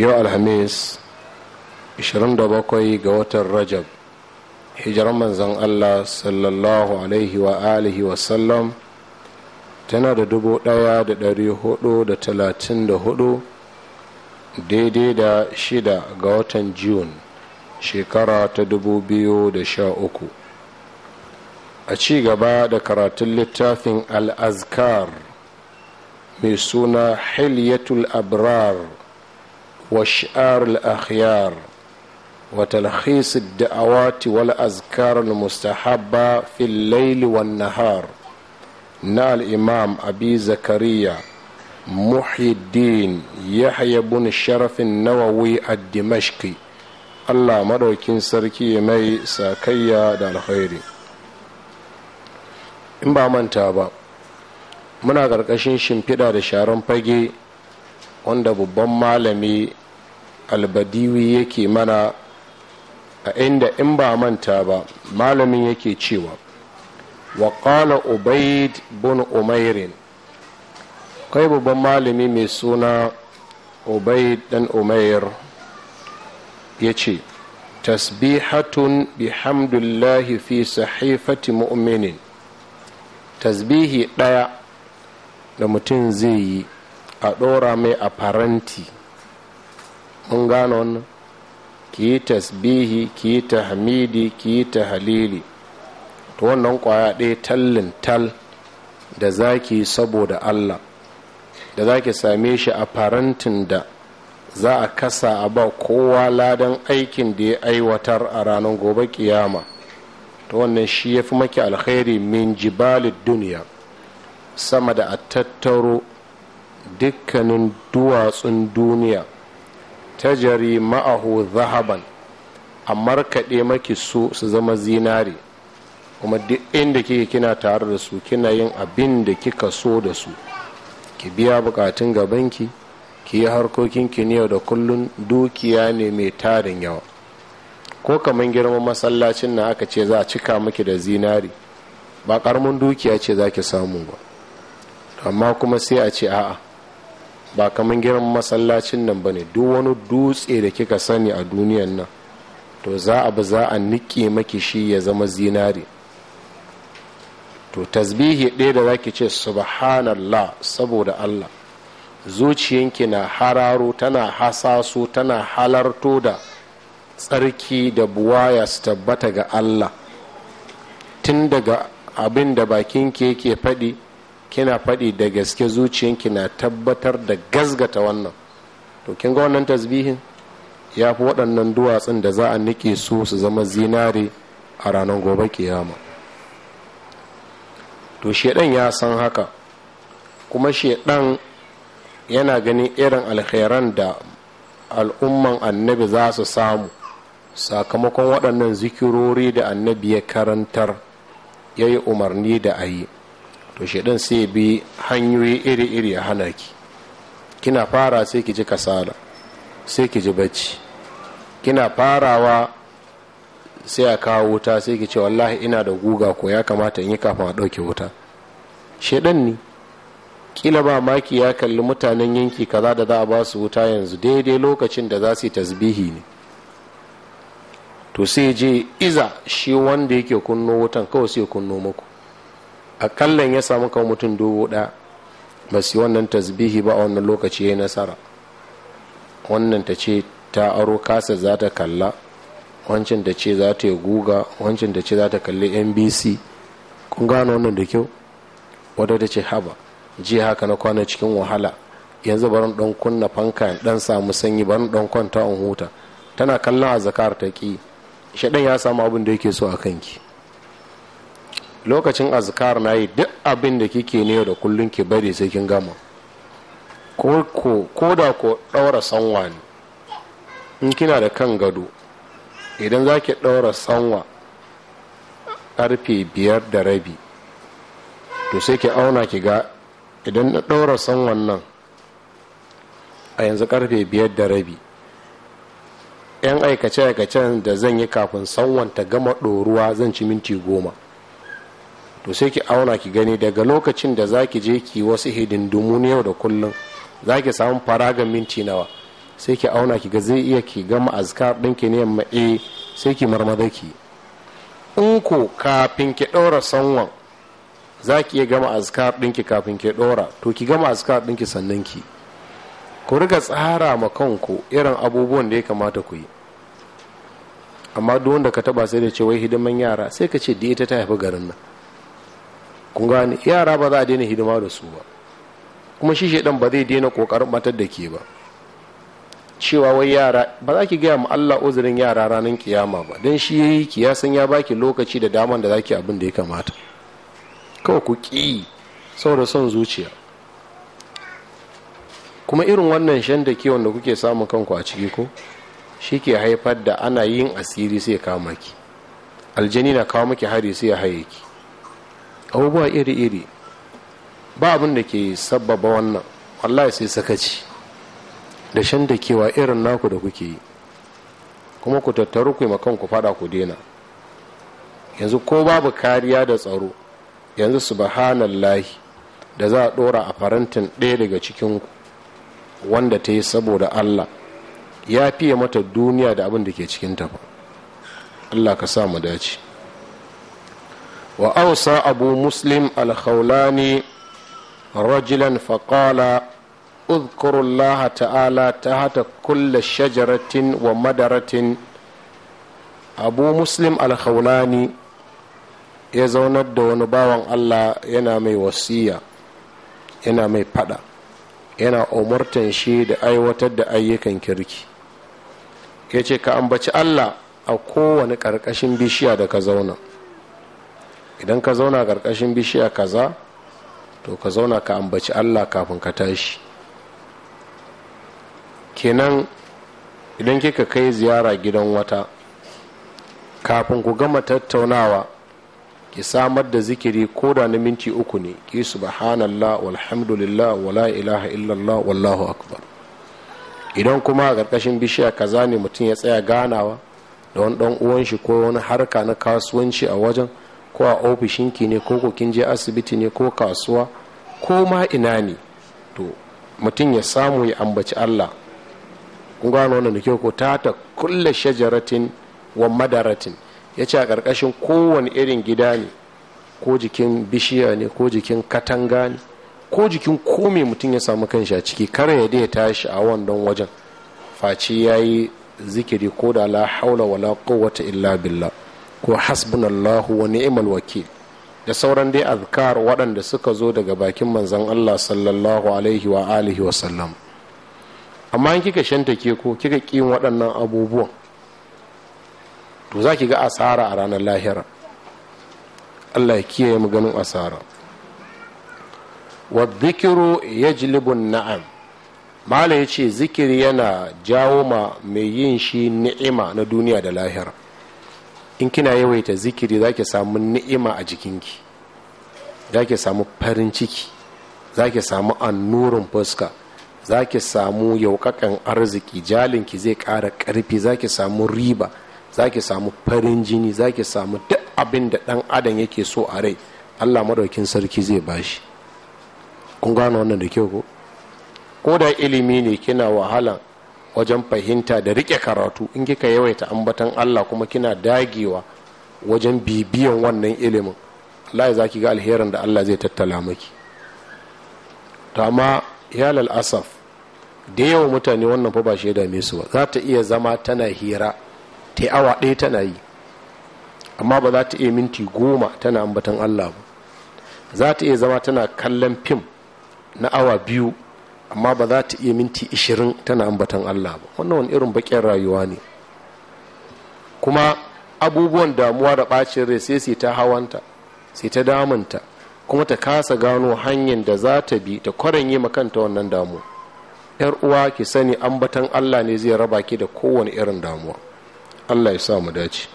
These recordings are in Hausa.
yau alhamis 27 ga watan rajab hijiran manzan allah sallallahu alaihi wa alihi wasallam tana da hudu daidai da shida ga watan Jun shekara ta dubu biyu da sha uku. a ci gaba da karatun littafin al'azkar mai suna hilyatul abrar وشعار الأخيار وتلخيص الدعوات والأذكار المستحبة في الليل والنهار نال الإمام أبي زكريا محي الدين يحيى بن الشرف النووي الدمشقي الله madaukin سركي مي ساكيا da alkhairi in من تابا منا muna ƙarƙashin shimfiɗa da sharan fage wanda albadiwi yake mana a inda in ba manta ba malamin yake cewa wa qala ubaid bin umairin kai babban malami mai suna ubaid dan umair ya ce tasbihatun bihamdullahi fi sahifati mu'minin tasbihi ɗaya da mutum zai yi a dora mai a faranti mun gano wannan ki yi tasbihi ki yi tahmidi ki yi tahalili to wannan kwaya ɗaya tallin tal da zaki saboda allah da zaki same shi a farantin da za a kasa a ba kowa ladan aikin da ya aiwatar a ranar gobe kiyama ta wannan shi ya fi maki alkhairi min jibalid duniya sama da a tattaro dukkanin duwatsun duniya tajari ma'ahu zahaban a markaɗe maki su su zama zinari kuma duk inda kike kina tare da su kina yin abin da kika so da su ki biya bukatun gabanki ki yi harkokin ki yau da kullun dukiya ne mai tarin yawa ko kamar girman masallacin na aka ce za a cika maki da zinari ba karamin dukiya ce za ki samu ba amma kuma sai a ce a'a ba kamar girman masallacin nan ba ne duk wani dutse da kika sani a duniyan nan to za a ba za a niƙe maki shi ya zama zinari to tasbihi ɗaya da zaki ce subhanallah saboda allah zuciyanki na hararo tana hasaso tana halarto da tsarki da buwaya su tabbata ga allah tun daga abin da bakinki yake faɗi kina faɗi da gaske zuciyanki na tabbatar da gazgata wannan to kin ga wannan tasbihin ya fi waɗannan duwatsun da za a niƙe su su zama zinare a ranar gobe kiyama to shedan ya san haka kuma shedan yana ganin irin alkhairan da al'umman annabi za su samu sakamakon waɗannan zikirori da annabi ya karantar ya yi umarni da a yi to shaidan sai bi hanyoyi iri-iri a hana ki kina fara sai ki ji kasala sai ki ji bacci kina farawa sai a kawo wuta sai ki ce wallahi ina da guga ko ya kamata in yi kafin a ɗauke wuta shaidan ne kila ba maki ya kalli mutanen yanki kaza da za a ba su wuta yanzu daidai lokacin da za su yi tasbihi ne to sai je iza shi wanda yake kunno wutan kawai sai kunno muku akalla ya samu kawo mutum dubu ɗaya ba su wannan tasbihi ba a wannan lokaci ya nasara wannan ta ce ta aro kasa za ta kalla wancan ta ce za ta yi guga wancan ta ce za ta kalli nbc kun gano wannan da kyau wadda ta ce haba ji haka na kwana cikin wahala yanzu barin ɗan kunna fanka ɗan samu sanyi barin ɗan kwanta in huta tana kallon a zakar ta ki shaɗan ya samu abin da yake so a kanki lokacin azkar na yi duk abin da kike ne da kullum ki bari sai kin gama ko da ko ɗaura sanwa ne in kina da kan gado idan za ki ɗaura sanwa ƙarfe biyar da rabi to sai ki auna ki ga idan na ɗaura sanwan nan a yanzu ƙarfe biyar da rabi yan aikace-aikacen da zan yi kafin sanwan ta gama ɗoruwa zan ci minti goma to sai ki auna ki gani daga lokacin da zaki je ki wasu hidindumu yau da kullum za ki samu ga minti nawa sai ki auna ki ga zai iya ki gama azkar ɗinki ne yamma eh sai ki marmada ki in ko kafin ki ɗora sanwan za ki iya gama azkar ɗinki kafin ki ɗora to ki gama azkar ɗinki sannan ki ku riga tsara ma kanku irin abubuwan da ya kamata ku yi amma duk wanda ka taba sai da ce wai hidiman yara sai ka ce da ita ta haifi garin nan kun gane yara ba za a daina hidima da su ba kuma shi shaidan ba zai daina kokarin matar da ke ba cewa wai yara ba za ki gaya ma Allah uzurin yara ranar kiyama ba don shi ya yi kiyasan ya baki lokaci da daman da za ki abin da ya kamata kawai ku ki saboda son zuciya kuma irin wannan shan da ke da kuke samun kanku a ciki ko shi ke haifar da ana yin asiri sai kama ki aljani na kawo maki hari sai ya haye ki abubuwa iri-iri ba abin da ke sabbaba wannan wallahi sai sakaci da shan da kewa irin naku da kuke yi kuma ku tattaru ku makon ku fada ku dena yanzu ko babu kariya da tsaro yanzu subhanallahi da za a dora a farantin ɗaya daga cikin wanda ta yi saboda allah ya fiye mata duniya da abin da ke cikin ta allah ka sa mu dace وأوصى أبو مسلم الخولاني رجلا فقال اذكر الله تعالى تحت كل شجرة ومدرة أبو مسلم الخولاني ya zaunar da wani bawan Allah yana mai wasiya yana mai yana umartan shi da aiwatar da ayyukan kirki ya ka ambaci Allah a kowane ƙarƙashin bishiya da ka zauna idan ka zauna ƙarƙashin bishiya kaza to ka zauna ka ambaci allah kafin ka tashi kenan idan kika kai ziyara gidan wata kafin ku gama tattaunawa ki samar da zikiri ko da na minti uku ne ki subhanallah walhamdulillah wala ilaha illallah wallahu akbar idan kuma a ƙarƙashin bishiya kaza ne mutum ya tsaya ganawa da wani ɗan uwan shi ko wani harka na kasuwanci a wajen ko a ofishinki ne ko kin je asibiti ne ko kasuwa ko ma ina ne to mutum ya samu ya ambaci allah kun gano wannan da kyau ko ta ta kulle shajaratin wa madaratin ya ce a ƙarƙashin kowane irin gida ne ko jikin bishiya ne ko jikin katanga ne ko jikin kome mutum ya samu kanshi a ciki kare ya dai tashi a wannan wajen Faci ya yi zikiri ko da la haula wala quwwata illa billah ko hasbunallahu wa ni'mal wakil da sauran dai azkar waɗanda suka zo daga bakin manzon Allah sallallahu alaihi wa alihi wa sallam amma in kika shanta ke ko kika kin waɗannan abubuwan to za ga asara a ranar lahira Allah ya kiyaye mu ganin asara wa dhikru yajlibu na'am mala yace zikiri yana jawo ma mai yin shi ni'ima na duniya da lahira in kina yawaita zikiri za ki samu ni'ima a jikinki za ki samu farin ciki za ki samu annurin fuska za ki samu yaukakan arziki jalinki zai ƙara ƙarfi za ki samu riba za ki samu farin jini za ki samu duk abin da ɗan adam yake so a rai allah madaukin sarki zai bashi kun gano wannan da kyau ko ko da ilimi ne kina wahalan wajen fahimta da rike karatu in kika yawaita ambatan Allah kuma kina dagewa wajen bibiyan wannan ilimin Allah ga alherin da Allah zai tattala maki amma ya yalal asaf da yawa mutane wannan fa ba shi ya dame su ba za ta iya zama tana hira ta awa ɗaya tana yi amma ba za ta iya minti goma tana ambatan Allah ba za ta iya zama tana kallon fim na awa biyu amma ba za ta iya minti ishirin tana ambatan Allah ba wannan wani irin baƙin rayuwa ne kuma abubuwan damuwa da ɓacin rai sai sai ta hawanta sai ta damunta kuma ta kasa gano hanyar da za ta bi ta kwaren yi makanta wannan damuwa yar uwa ki sani ambatan Allah ne zai raba ki da kowane irin damuwa Allah ya sa mu dace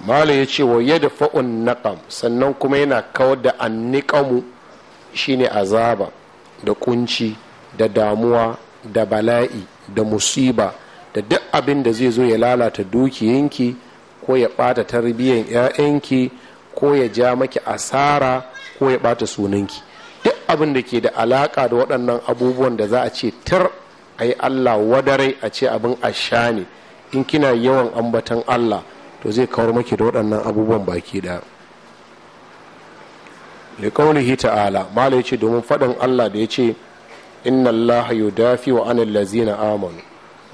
mala ya ce wa yadda fa'un naƙam sannan kuma yana kawar da annikamu shine azaba da kunci da damuwa da bala'i da musiba da duk abin da zai zo ya lalata dukiyanki ko ya ɓata tarbiyyar 'ya'yanki ko ya ja maki asara ko ya ɓata sunanki duk abin da ke da alaƙa da waɗannan abubuwan da za a ce tar a yi allah wadarai a ce abin asha ne in kina yawan ambatan allah to zai kawar maki da waɗannan abubuwan baki ɗaya liƙaunihi ta'ala mala yace ce domin faɗin allah da ya ce inna allaha yudafi wa anil lazina amanu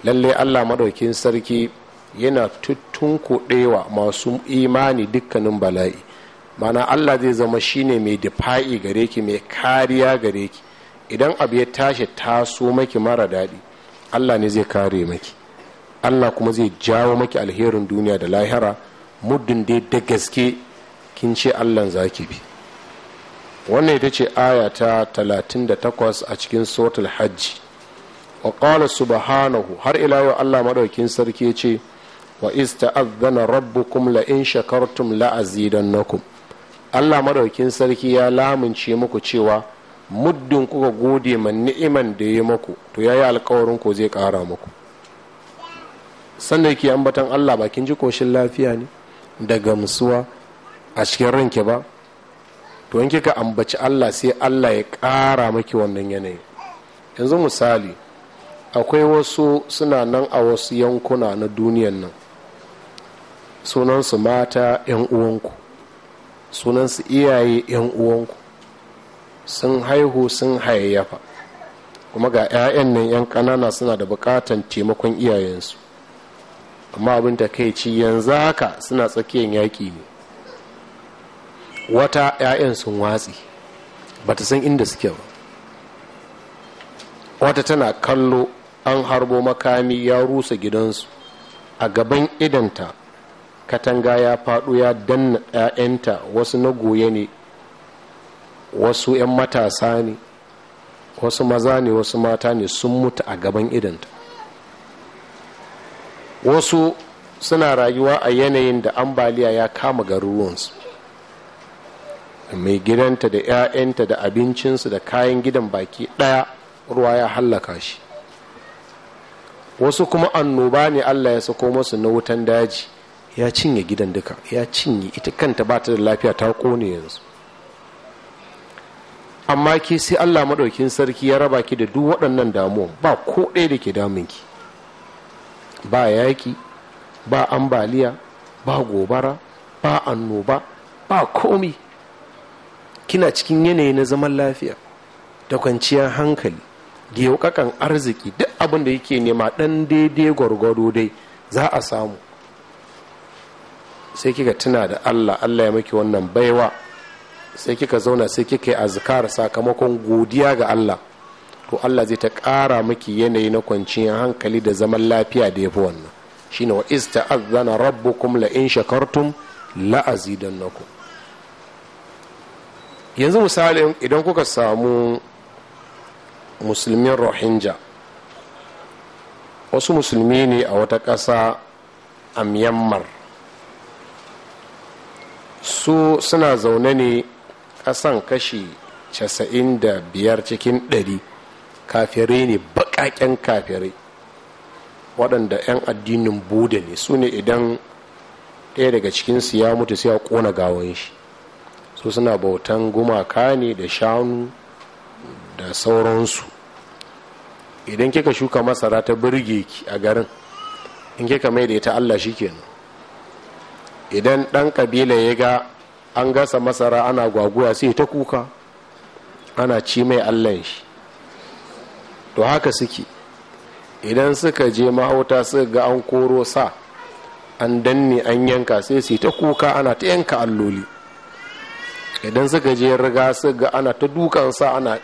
lalle allah maɗaukin sarki yana tuttunkuɗewa masu imani dukkanin bala'i mana allah zai zama shine mai difa'i gare ki mai kariya gare ki idan abu ya tashi taso maki mara daɗi allah ne zai kare maki allah kuma zai jawo maki alherin duniya da lahira muddin dai da gaske kin ce allah zaki bi wannan ita ce aya ta 38 a cikin sotul hajji wa qala subhanahu har ila yau Allah madaukin sarki ce wa ista'adhana rabbukum la in shakartum la azidannakum Allah madaukin sarki ya lamunce muku cewa muddin kuka gode ma ni'iman da ya muku to ya yi alkawarin ko zai ƙara muku sannan yake ambatan Allah bakin ji koshin lafiya ne da gamsuwa a cikin ranke ba to in kika ambaci Allah sai Allah ya kara maki wannan yanayi yanzu misali akwai wasu suna nan a wasu yankuna na duniyan nan sunansu mata 'yan uwanku sunansu iyaye 'yan uwanku sun haihu sun hayayyafa kuma ga 'ya'yan nan 'yan ƙanana suna da buƙatan taimakon iyayensu amma abin da kai yanzu haka suna tsakiyar yaƙi ne wata 'ya'yan sun watsi ba ta san inda suke ba wata tana kallo an harbo makami ya rusa gidansu a gaban idanta katanga ya faɗo ya danna 'ya'yanta wasu na goye ne wasu 'yan matasa ne wasu maza ne wasu mata ne sun mutu a gaban idanta wasu suna rayuwa a yanayin da ambaliya ya kama garuruwansu mai gidanta da 'ya'yanta da abincinsu da kayan gidan baki ɗaya ruwa ya hallaka shi wasu kuma annoba ne allah ya sako masu na wutan daji ya cinye gidan duka ya cinye ita kanta ba ta da lafiya ta kone yanzu amma ke sai allah maɗaukin sarki ya raba ki da duk waɗannan damuwa ba ko ɗaya da ke damunki ba yaƙi ba ambaliya ba gobara ba annoba ba komi kina cikin yanayi na zaman lafiya da kwanciyar hankali da arziki duk abin da yake nema ɗan daidai gwargwado dai za a samu sai kika tuna da allah allah ya maki wannan baiwa sai kika zauna sai kika yi azkar sakamakon godiya ga allah to allah zai ta ƙara maki yanayi na kwanciyar hankali da zaman lafiya da ya fi wannan shine wa ista'azzana rabbukum la in shakartum la azidannakum yanzu misalin idan kuka samu musulmin rohingya wasu musulmi ne a wata ƙasa a myanmar su suna zaune ne ƙasan kashi 95 cikin 100 kafirai ne baƙaƙen kafirai waɗanda 'yan addinin buda ne su ne idan ɗaya daga cikinsu ya mutu sai ya ƙona gawon shi su suna bautan gumaka ne da shanu da sauransu idan kika shuka masara ta birge ki a garin in kika mai da ita allah shikenan idan dan kabila ya ga an gasa masara ana gwaguwa sai ta kuka ana ci mai allah shi to haka suke idan suka je mahauta suka ga an koro sa an danne an yanka sai su ta kuka ana ta yanka alloli idan suka je riga su ga ana ta dukansa ana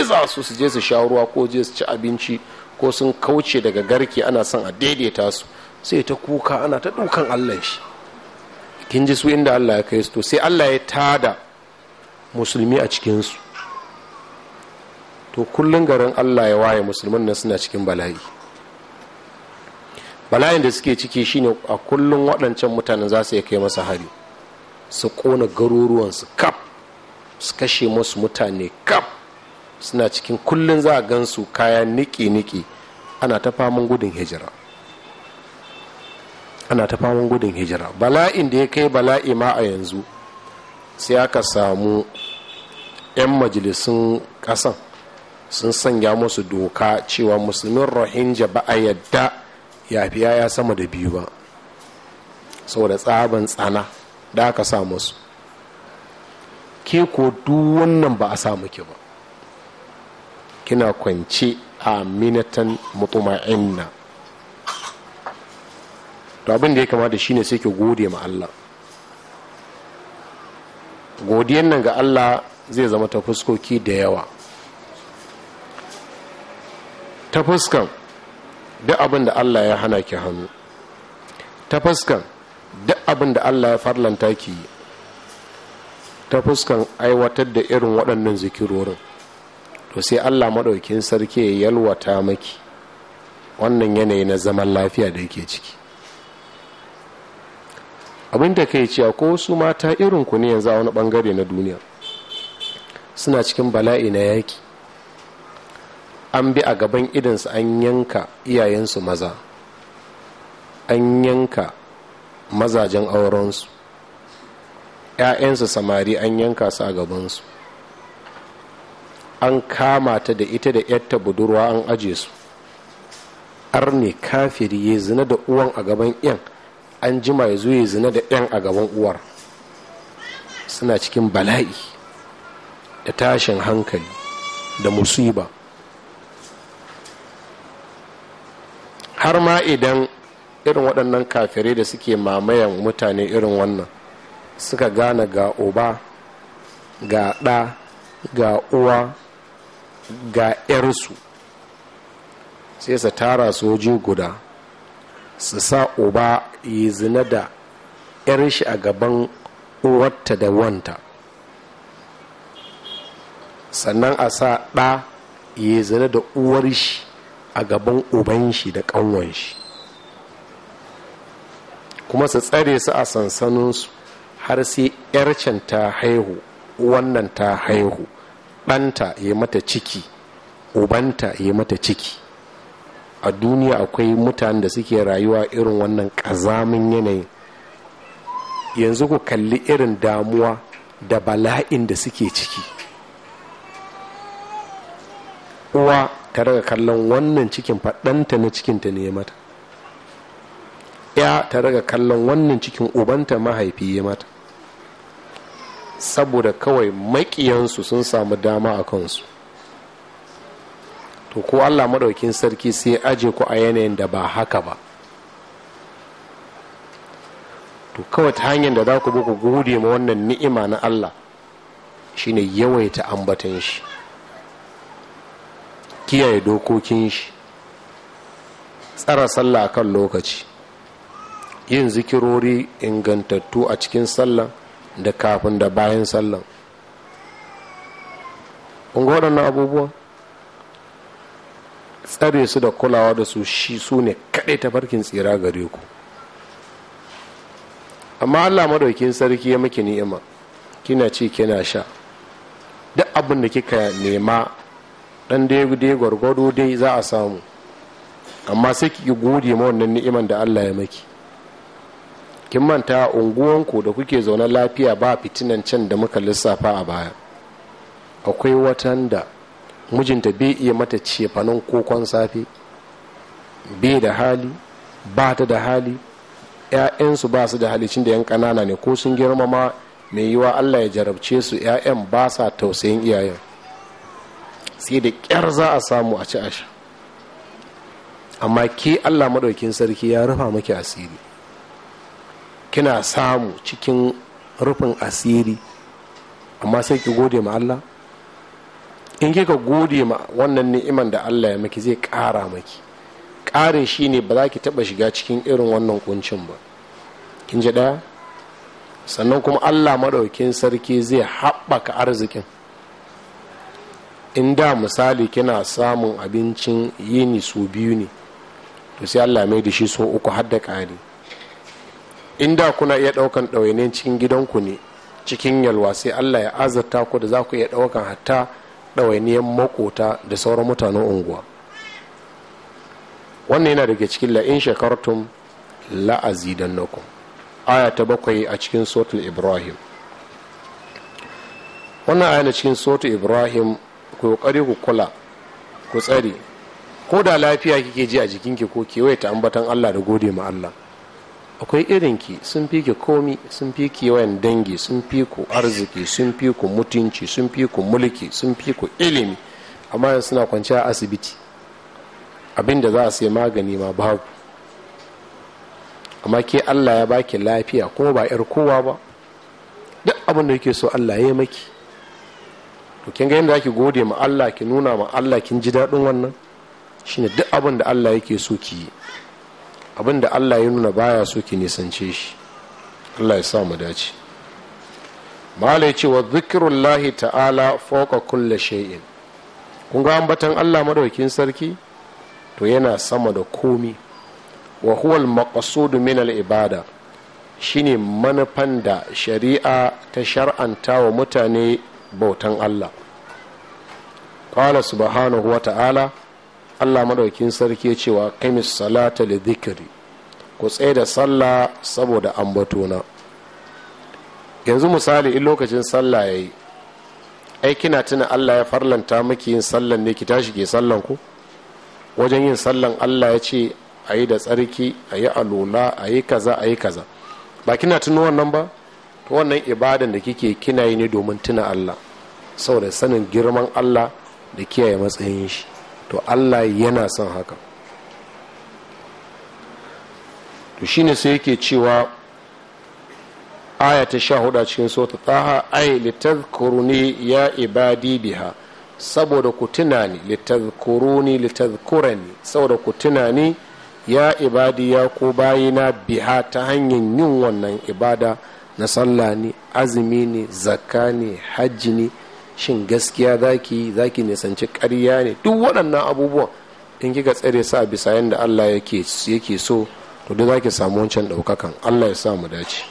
iza su su je su sha ruwa ko je su ci abinci ko sun kauce daga garke ana son a daidaita su sai ta kuka ana ta dukan allah shi kin ji su inda allah ya kai su to sai allah ya tada musulmi a cikinsu to kullum garin allah ya waye musulman nan suna cikin bala'i bala'in da suke ciki shine a kullum waɗancan mutanen za su iya kai masa hari su ƙona garuruwansu kaf su kashe masu mutane kaf suna cikin kullum za a gansu kaya niki-niki ana ta famun gudun hijira ana ta famun gudun hijira bala'in da ya kai bala'i ma a yanzu sai aka samu 'yan majalisun ƙasan sun sanya musu doka cewa musulmin rohingya ba a yadda yafiya ya sama da biyu ba saboda tsaban tsana da aka sa masu ke ko duk wannan ba a sa muke ba kina kwance aminatan mutuma'inna to abin da ya kamata shine sai ke gode ma Allah godiyan nan ga Allah zai zama ta fuskoki da yawa ta fuskan duk abin da Allah ya hana ki hannu ta fuskan abin da allah ya farlanta ki ta fuskan aiwatar da irin waɗannan zikirorin to sai allah maɗaukin sarki ya yalwata maki wannan yanayi na zaman lafiya da yake ciki abin da kai cewa ko su mata irin ku ne yanzu a wani bangare na duniya suna cikin bala'i na yaki an bi a gaban idansu an yanka iyayensu maza an yanka mazajen aurensu ‘ya'yansu samari an yanka su a gabansu an kama ta da ita da ‘yarta budurwa an aje su arne kafiri ya zina da uwan a gaban ‘yan an ji ya zo ya zina da ‘yan a gaban uwar suna cikin bala'i da tashin hankali da musiba har ma idan irin waɗannan kafirai da suke mamayan mutane irin wannan suka gane ga uba ga ɗa ga uwa ga 'yarsu sai su tara soji guda su sa uba yi zina da 'yar shi a gaban uwarta da wanta sannan a sa ɗa yi zina da uwar shi a gaban uban shi da ƙanwan shi kuma su tsare su a sansaninsu har sai yarcen ta haihu wannan ta haihu ɗanta ya mata ciki ubanta ya mata ciki a duniya akwai mutanen da suke rayuwa irin wannan ƙazamin yanayin yanzu ku kalli irin damuwa da bala'in da suke ciki uwa ta daga kallon wannan cikin faɗanta na cikinta ne ya mata ya ta daga kallon wannan cikin ubanta mahaifi ya mata saboda kawai maƙiyansu sun samu dama a kansu to ko allah maɗaukin sarki sai aje ku a yanayin da ba haka ba to kawai ta hanyar da za ku bi ku gode ma wannan ni'ima na allah shine yawaita ambatan shi kiyaye dokokin shi tsara sallah akan lokaci yin zikirori ingantattu a cikin sallan da kafin da bayan sallan unga waɗannan abubuwa tsare su da kulawa da su shi su ne kaɗai tafarkin tsira gare ku amma allah madaukin sarki ya maki ni'ima kina ce kina sha duk abin da kika nema ɗan dai gwargwado dai za a samu amma sai ki gode ma wannan ni'iman da allah ya maki kin manta unguwanku da kuke zaune lafiya ba fitinan can da muka lissafa a baya akwai watan da mijinta bai iya mata cefanin kokon safe bai da hali ba ta da hali 'ya'yansu ba su da halicin da yan ƙanana ne ko sun girmama mai yiwa allah ya jarabce su 'ya'yan ba sa tausayin iyayen sai da ƙyar za a samu a ci a amma ke allah maɗaukin sarki ya rufa maki asiri kina samu cikin rufin asiri amma sai ki gode ma Allah in kika gode ma wannan ni'iman da Allah ya maki zai kara maki ƙarin shi ne ba za ki taɓa shiga cikin irin wannan kuncin ba kin ji ɗaya sannan kuma Allah maɗaukin sarki zai haɓaka arzikin in da misali kina samun abincin yini su biyu ne to sai Allah mai da shi so uku har da ƙari inda kuna iya ɗaukan ɗawainiyar cikin gidanku ne cikin yalwa sai allah ya azurta ku da za ku iya ɗaukan hatta ɗawainiyar makota da sauran mutanen unguwa wannan yana daga cikin la'in la'azi don nakum aya ta bakwai a cikin sotul ibrahim wannan aya na cikin sotu ibrahim ku kokari ku kula ku tsare ko da lafiya kike ji a jikinki ko kewaye ta ambatan allah da gode ma allah akwai irinki sun fi ki komi sun fi ki yawan dangi sun fi ku arziki sun fi ku mutunci sun fi ku mulki sun fi ku ilimi amma yanzu suna kwanciya a asibiti abinda za a sai magani ma babu amma ke allah ya baki lafiya kuma ba yar kowa ba duk abin da yake so allah ya maki to kin ga yadda zaki gode ma allah ki nuna ma allah kin ji daɗin wannan shine duk abin da allah yake so ki yi abin da allah ya nuna baya so ki nisance shi allah ya sa mu dace mala ya ce wa zikirullahi ta'ala foka kulle shay'in kun ga ambatan allah madaukin sarki to yana sama da komi wa huwal maqasudu min al ibada shine manufan da shari'a ta shar'anta wa mutane bautan allah qala subhanahu wa ta'ala allah madaukin sarki ya cewa kamis salata da zikiri ku tsaye da sallah saboda ambatona yanzu misali in lokacin sallah yi ai kina tuna allah ya farlanta miki yin sallan ne ki tashi ke sallan ku wajen yin sallan allah ya ce a yi da tsarki a yi alola a yi kaza a yi kaza ba kina tuna wannan ba to wannan ibadan da kike kina yi ne domin tuna allah saboda sanin girman allah da kiyaye matsayin shi to allah yana son haka to shine sai yake cewa aya ta sha hudu cikin sota taha ai litazkuruni ya ibadi biha saboda ku tunani litazkuruni litazkurani saboda ku tunani ya ibadi ya ko bayina biha ta hanyar yin wannan ibada na sallah ne azumi ne zakka hajji ne shin gaskiya zaki zaki nisanci ƙarya ne duk waɗannan abubuwan in kika tsare sa bisa yadda Allah yake yake so to duk zaki samu wancan ɗaukakan Allah ya sa mu dace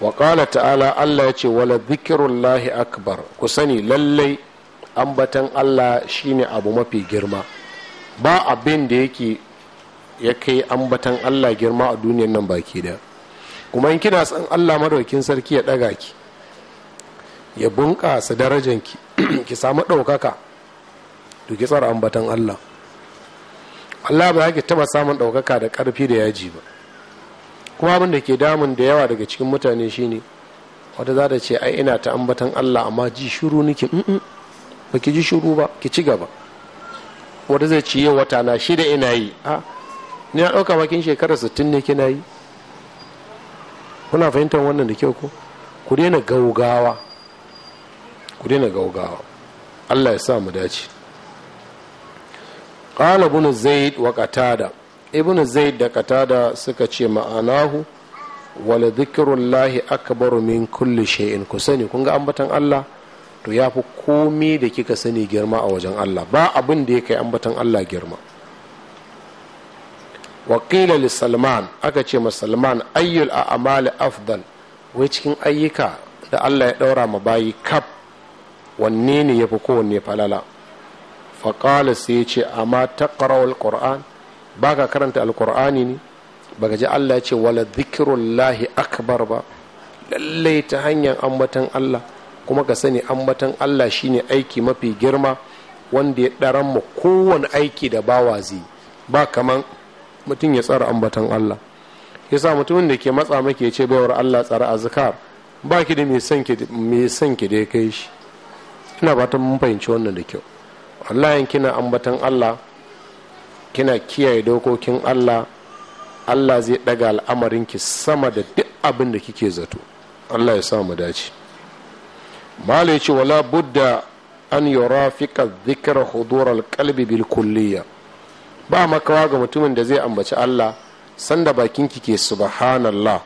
wa ta'ala Allah ya ce wala zikrullahi akbar ku sani lallai ambatan Allah shine abu mafi girma ba abin da yake ya kai ambatan Allah girma a duniyar nan baki da kuma in kina san Allah madaukin sarki ya ɗaga ki ya bunƙasa darajanki ki samu ɗaukaka to ki tsara ambatan Allah Allah ba ki taba samun ɗaukaka da ƙarfi da yaji ba kuma abin da ke damun da yawa daga cikin mutane shine wata za ta ce ai ina ta ambatan Allah amma ji shiru nake ba ki ji shiru ba ki ci gaba wata zai ci yau wata na shida ina yi a ni na ɗauka makin shekara sittin ne kina yi kuna fahimtar wannan da kyau ko ku daina gaugawa ku daina gaugawa allah ya sa mu dace ƙala ibn zaid wa qatada ibn zaid da qatada suka ce ma'anahu wala dhikrullahi akbaru min kulli shay'in ku sani kun ga ambatan allah to ya fi komi da kika sani girma a wajen allah ba abin da ya kai ambatan allah girma wakila li salman aka ce ma salman ayyul a amali afdal wai cikin ayyuka da allah ya ɗaura ma bayi kaf wanne ne ya fi kowanne falala faƙala sai ce amma ta ƙarawar ƙor'an ba ka karanta alƙur'ani ne ba ka ji allah ce wala zikirullahi akbar ba lallai ta hanyar ambatan allah kuma ka sani ambatan allah shine aiki mafi girma wanda ya ɗaran ma kowane aiki da bawa zai ba kaman mutum ya tsara ambatan allah yasa mutumin da ke matsa maki ya ce baiwar allah tsara a zikar ba ki da mai son ki da ya kai shi ina fatan mun fahimci wannan da kyau wallahi kina ambatan Allah kina kiyaye dokokin Allah Allah zai daga al'amarinki sama da duk abin da kike zato Allah ya sa mu dace malai ce wala budda an yurafiqa zikar hudur alkalbi bil kulliya ba makawa ga mutumin da zai ambaci Allah sanda bakinki ke subhanallah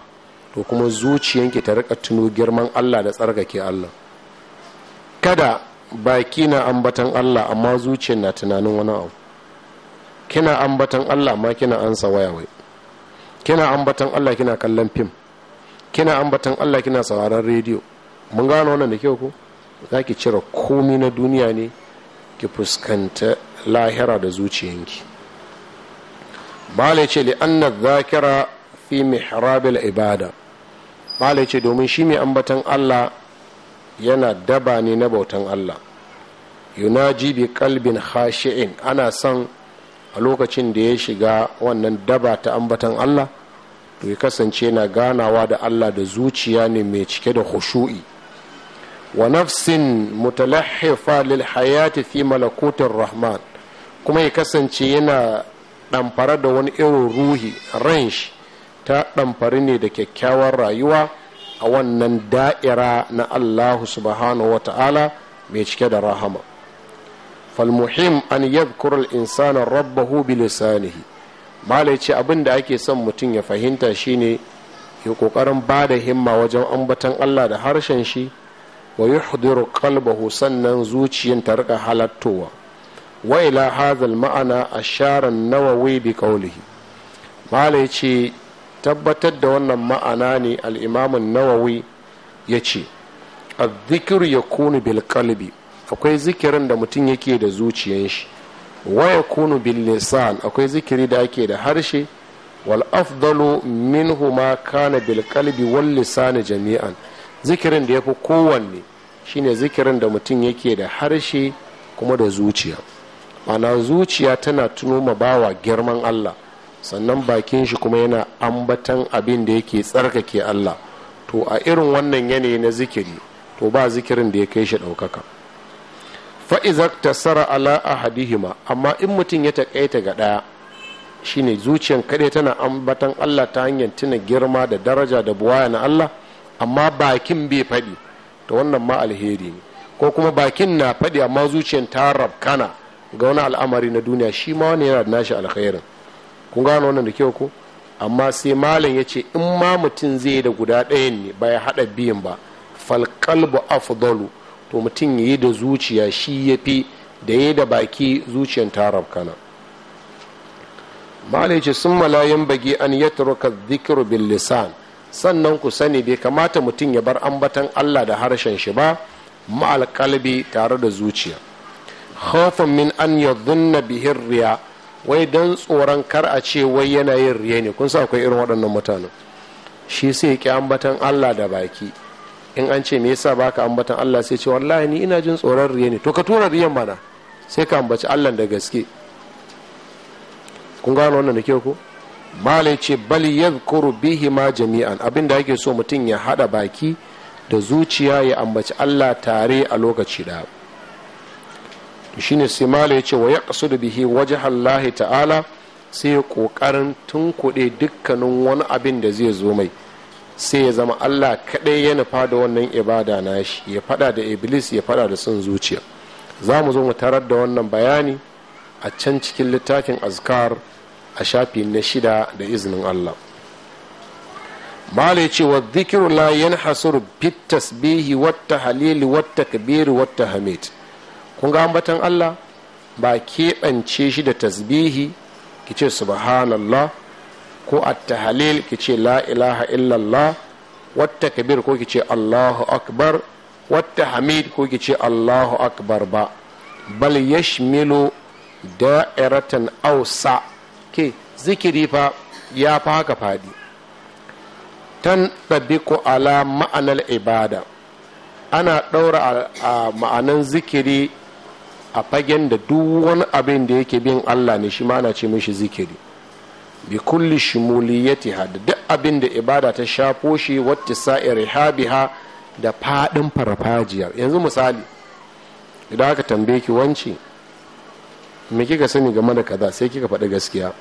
to kuma zuciyanki ta rika tuno girman Allah da tsarkake Allah kada baki na ambatan allah amma zuciyar na tunanin wani abu kina ambatan allah amma kina ansa waya wai kina ambatan allah kina kallon fim kina ambatan allah kina sauraron rediyo mun gano wannan da kyau ko za ki cire komi na duniya ne ki fuskanta lahira da zuciyanki bala ce li zakira fi mihrabil ibada bala ce domin shi mai ambatan Allah yana daba ne na bautan Allah yunaji bi kalbin khashi'in ana son a lokacin da ya shiga wannan daba ta ambatan Allah to ya kasance yana ganawa da Allah da zuciya ne mai cike da khushu'i wa nafsin mutalahhifa lil hayati fi malakutir rahman kuma ya kasance yana ɗamfara da wani irin ruhi ranshi ta ɗamfari ne da kyakkyawar rayuwa a wannan da'ira na allahu subhanahu wa ta'ala mai cike da rahama falmuhim an yadhkur al-insana rabbahu bi lisanihi malai ce abin da ake son mutum ya fahimta shine ya kokarin ba da himma wajen ambatan Allah da harshen shi wa yuhdiru qalbahu sannan zuciyin ta rika halattowa wa ila hadha al-ma'ana ashara an-nawawi bi qawlihi malai tabbatar da wannan ma'ana ne al'imamun nawawi ya ce zikir ya kunu bil kalbi akwai zikirin da mutum yake da zuciyan shi waya kunu bil lisan akwai zikiri da ake da harshe wal afdalu minhu ma kana bil kalbi wal lisan jami'an zikirin da yafi kowanne shine zikirin da mutum yake da harshe kuma da zuciya ana zuciya tana tuno ma bawa girman Allah sannan bakin shi kuma yana ambatan abin da yake tsarkake Allah to a irin wannan yanayi na zikiri to ba zikirin da ya kai shi ɗaukaka fa’izar ta sara ala hadihima amma in mutum ya taƙaita ga ɗaya Shi ne zuciyan kaɗai tana ambatan Allah ta hanyar tuna girma da daraja da buwaya na Allah amma bakin bai faɗi to wannan ma alheri ne ko kuma bakin na faɗi amma zuciyan ta rabkana ga wani al'amari na duniya shi ma wani yana da nashi alkhairin kun gano wannan da kyau ko amma sai malam ya ce in ma mutum zai da guda ɗayan ne ba ya haɗa biyun ba falkalbu afdalu to mutum ya yi da zuciya shi ya fi da ya da baki zuciyan tarab kana malam ce sun malayan bagi an turka zikiru bil lisan sannan ku sani bai kamata mutum ya bar ambatan Allah da harshen shi ba ma'al tare da zuciya khawfan min an yadhunna bihi riya wai don tsoron kar a ce wai yana yin riya ne kun sa akwai irin waɗannan mutanen shi sai ki ambatan Allah da baki in an ce me yasa baka ambatan Allah sai ce wallahi ni ina jin tsoron riya ne to ka tura riyan mana sai ka ambaci Allah da gaske kun gano wannan da ke ko malai ce bal yadhkuru bihi ma jami'an abin da ake so mutum ya hada baki da zuciya ya ambaci Allah tare a lokaci daya shine sai mala ya ce wa ya kasu da bihi waje allah ta'ala sai ya kokarin tunkuɗe dukkanin wani abin da zai zo mai sai ya zama allah kaɗai ya nufa da wannan ibada na shi ya faɗa da iblis ya faɗa da sun zuciya za mu zo mu tarar da wannan bayani a can cikin littafin azkar a shafi na shida da izinin allah mala ya ce wa zikirula yan hasuru bit tasbihi wata halili wata kabiru wata hamid kun ga ambatan Allah ba keɓance shi da tasbihi ki ce subhanallah ko at-tahlil ki ce la ilaha illallah wata kabir ko ki ce Allahu akbar wata hamid ko ki ce Allahu akbar ba bal yashmilu da'iratan ausa ke zikiri fa ya fa haka fadi tan ko ala ma'anar ibada ana ɗaura a ma'anan zikiri a fagen da duk wani abin da yake bin Allah ne shi na ana ce mishi zikiri bi kulli shimuliyatiha da duk abin da ibada ta shafo shi wacce sa'ir habiha da fadin farfajiyar yanzu misali idan aka tambaye ki wance me kika sani game da kaza sai kika faɗi gaskiya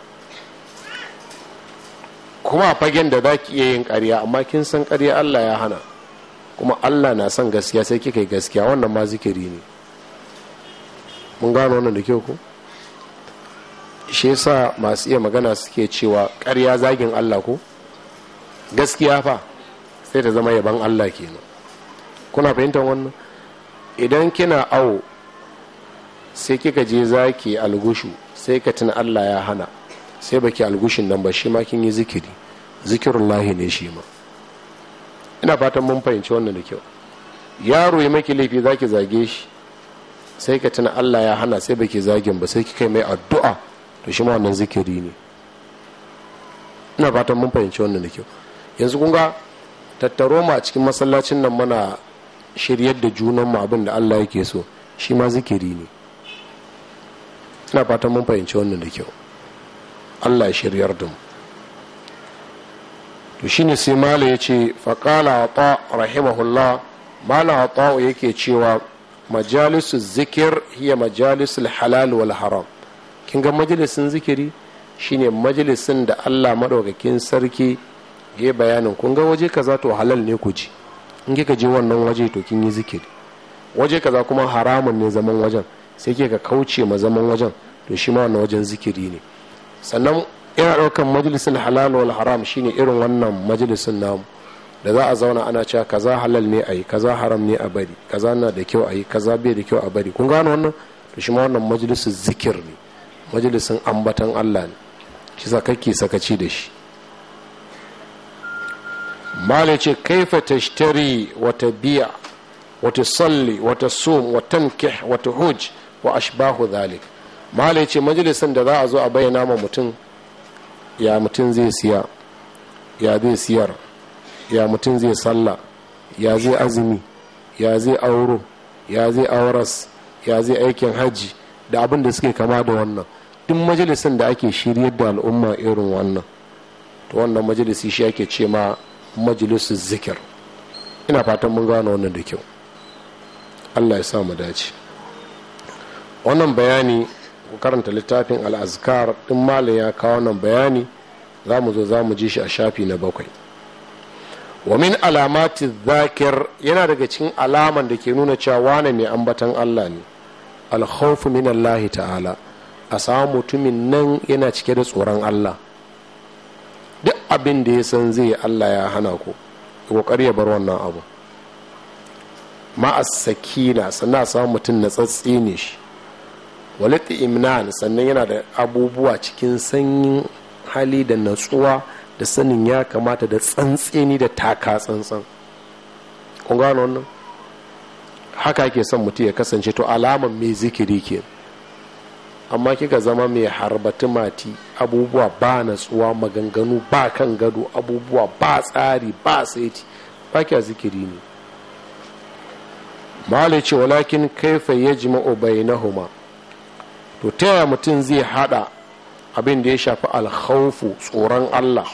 kuma a fagen da zaki iya yin ƙarya amma kin san ƙarya Allah ya hana kuma Allah na son gaskiya sai kika yi gaskiya wannan ma zikiri ne mun gano wannan da kyau ko shi yasa masu iya magana suke cewa ƙarya zagin Allah ko gaskiya fa sai ta zama yaban Allah kenan kuna fahimtar wannan idan kina awo sai kika je zaki algushu sai ka tuna Allah ya hana sai baki algushin nan ba shi ma kin yi zikiri zikirullahi ne shi ma ina fatan mun fahimci wannan da kyau yaro ya maki laifi zaki zage shi sai ka tuna Allah ya hana sai baki zagin ba sai ki kai mai addu'a to shi ma wannan zikiri ne ina fatan mun fahimci wannan da kyau yanzu kun ga tattaro mu a cikin masallacin nan muna shiryar da junan mu abin da Allah yake so shi ma zikiri ne ina fatan mun fahimci wannan da kyau Allah ya shiryar da mu to shine sai mala yace faqala ta rahimahullah mala ta yake cewa majalisu zikir hiya majalisul halal wal haram kin ga majalisin zikiri shine majalisin da Allah maɗaukakin sarki ya bayanin kun ga waje kaza to halal ne ku ji in kika je wannan waje to kin yi zikiri waje kaza kuma haramun ne zaman wajen sai ke ka kauce ma zaman wajen to shi ma wannan wajen zikiri ne sannan ina ɗaukan majalisin halal wal haram shine irin wannan majalisin namu da za a zauna ana cewa kaza halal ne a yi kaza haram ne a bari kaza na da kyau a yi kaza bai da kyau a bari kun gano wannan to shi ma wannan majalisun zikir ne majalisun ambatan allah ne shi sa kake sakaci da shi mala ce kaifa tashtari wata biya wata salli wata sum wata mkih wata huj wa ashbahu zalik mala ce majalisun da za a zo a bayyana ma mutum ya mutum zai siya ya zai siyar ya mutum zai sallah ya zai azumi ya zai auro ya zai auras ya zai aikin hajji da abin da suke kama da wannan duk majalisin da ake shiryar da al'umma irin wannan to wannan majalisi shi ake ce ma majalisu zikir ina fatan mun gane wannan da kyau allah ya sa mu dace wannan bayani ku karanta littafin al'azkar din malam ya kawo wannan bayani za mu zo za mu ji shi a shafi na bakwai wa min alamati zakir yana daga cikin alaman da ke nuna cewa wane mai ambatan Allah ne alkhawfu min Allah ta'ala a samu mutumin nan yana cike da tsoron Allah duk abin da ya san zai Allah ya hana ku kokari ya bar wannan abu ma'as sakina sannan a samu mutum na tsatsi ne shi walati imnan sannan yana da abubuwa cikin sanyin hali da natsuwa da sanin ya kamata da tsantseni da taka tsantsan kun gano wannan haka ke son mutum ya kasance to alaman mai zikiri ke amma kika zama mai harbati mati abubuwa ba natsuwa maganganu ba kan gado abubuwa ba tsari ba saiti ba kya zikiri ne mahalai ce walakin kaifa ya na bainahuma to ta yaya mutum zai hada abin da ya shafi alhaufu tsoron allah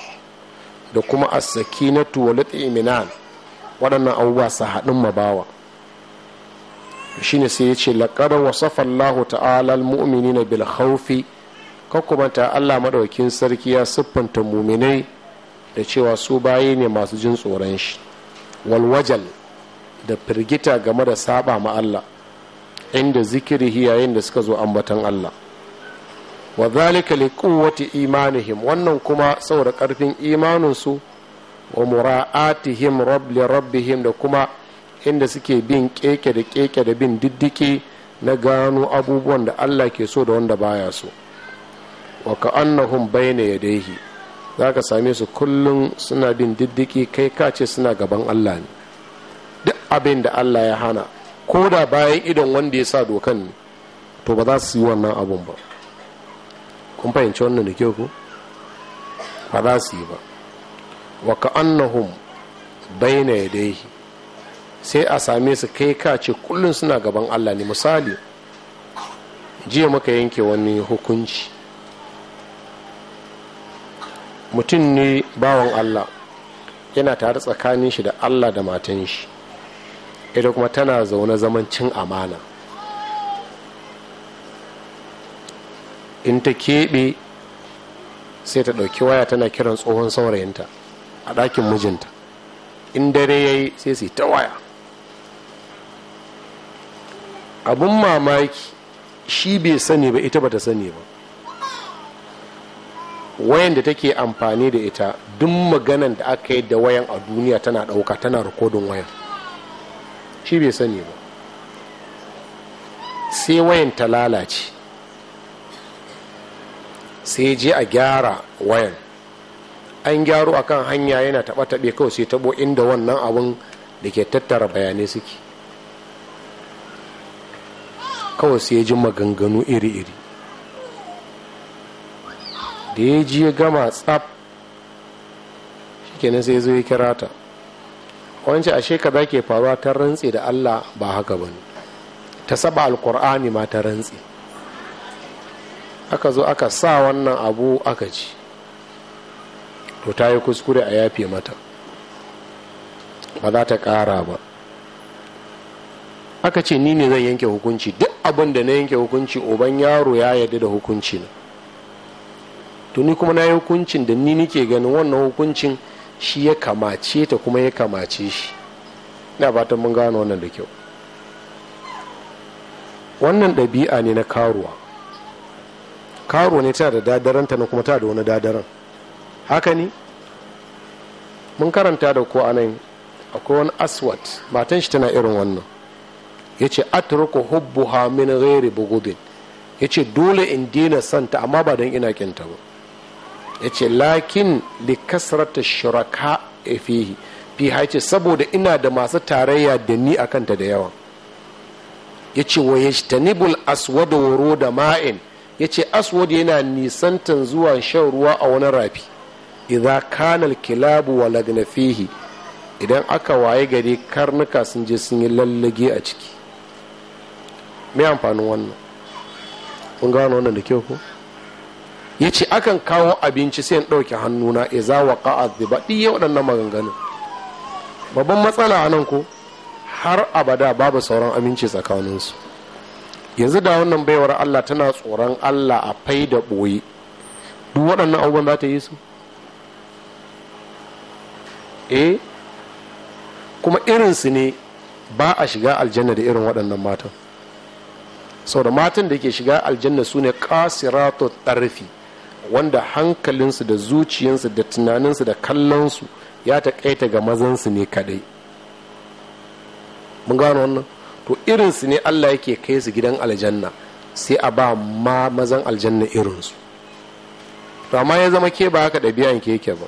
da kuma asaki na tuwalit iminan waɗannan abubuwa su haɗin mabawa shine sai ya ce laƙarar wasafa Allahu ta'ala al na bil khawfi Allah maɗaukin sarki ya siffanta muminai da cewa su bayi ne masu jin tsoron shi walwajal da firgita game da saba ma Allah inda zikiri yayin da suka zo ambatan Allah wa zalika li quwwati imanihim wannan kuma saboda karfin imaninsu wa mura'atihim rabb rabbihim da kuma inda suke bin keke da keke da bin diddike na gano abubuwan da Allah ke so da wanda baya so wa ka'annahum bayna yadayhi zaka same su kullum suna bin diddike kai ka ce suna gaban Allah ne duk abin da Allah ya hana ko da bayan idan wanda ya sa dokan ne to ba za su yi wannan abun ba kun fahimci wannan da kyau ku ba za su yi ba wa ka annahum ya yadayhi sai a same su kai ka ce kullum suna gaban Allah ne misali jiya muka yanke wani hukunci mutum ne bawan Allah yana tare tsakanin shi da Allah da matan shi ita kuma tana zaune zaman cin amana in ta keɓe sai ta ɗauki waya tana kiran tsohon saurayinta a ɗakin mijinta in dare ya yi sai su ta waya abun mamaki shi bai sani ba ita ba ta sani ba wayan da take amfani da ita duk maganan da aka yi da wayan a duniya tana ɗauka tana rikodin wayan shi bai sani ba sai wayan ta lalace sai je a gyara wayan an gyaro kan hanya yana taɓataɓe taɓe kawai sai taɓo inda wannan abun da ke tattara bayanai suke kawai sai ji maganganu iri-iri da ya ji ya gama tsaf shikenan sai zo ya kira ta wance ashe kaza ke faruwa ta rantse da allah ba haka ba ta saba alkur'ani ma ta rantse aka zo aka sa wannan abu aka ci to ta yi kuskure a yafe mata ba za ta ƙara ba aka ce ni ne zan yanke hukunci duk abin da na yanke hukunci oban yaro ya yadda da hukunci na to ni kuma na yi hukuncin da ni nike ganin wannan hukuncin shi ya kamace ta kuma ya kamace shi na fatan mun gano wannan da kyau wannan ɗabi'a ne na karuwa karo ne tana da dadaranta na kuma ta da wani dadaran haka ne mun karanta da ko anan akwai wani aswat matan shi tana irin wannan ya ce atruku hubbuha min ghairi bugudin ya ce dole in daina santa amma ba don ina kinta ba ya ce lakin li kasrata shuraka e fihi fi ce saboda ina da masu tarayya da ni a kanta da yawa ya ce wa yajtanibul aswada wuro da ma'in ya ce aswad yana nisantan zuwa shan ruwa a wani rafi idan kanal kilabu wa lagnafihi idan aka waye gari karnuka sun je sun yi lallage a ciki mai amfanin wannan kun gano wannan da kyau ko ya ce akan kawo abinci sai in ɗauki hannuna ya za wa ƙa'ad ba ɗiye waɗannan maganganun babban matsala a nan ko har abada babu sauran aminci tsakaninsu yanzu da wannan baiwar Allah tana tsoron Allah a fai da ɓoye duk waɗannan abubuwan za ta yi su eh kuma irinsu ne ba a shiga aljanna da irin waɗannan matan sau da matan da ke shiga aljanna su ne ƙasiratu tarfi wanda hankalinsu da zuciyarsu da tunaninsu da kallonsu ya taƙaita ga mazansu ne kaɗai mun gano wannan to irinsu ne allah yake kai su gidan aljanna sai a ba ma mazan aljanna irinsu to amma ya zama ke ba haka ɗabi'an keke ba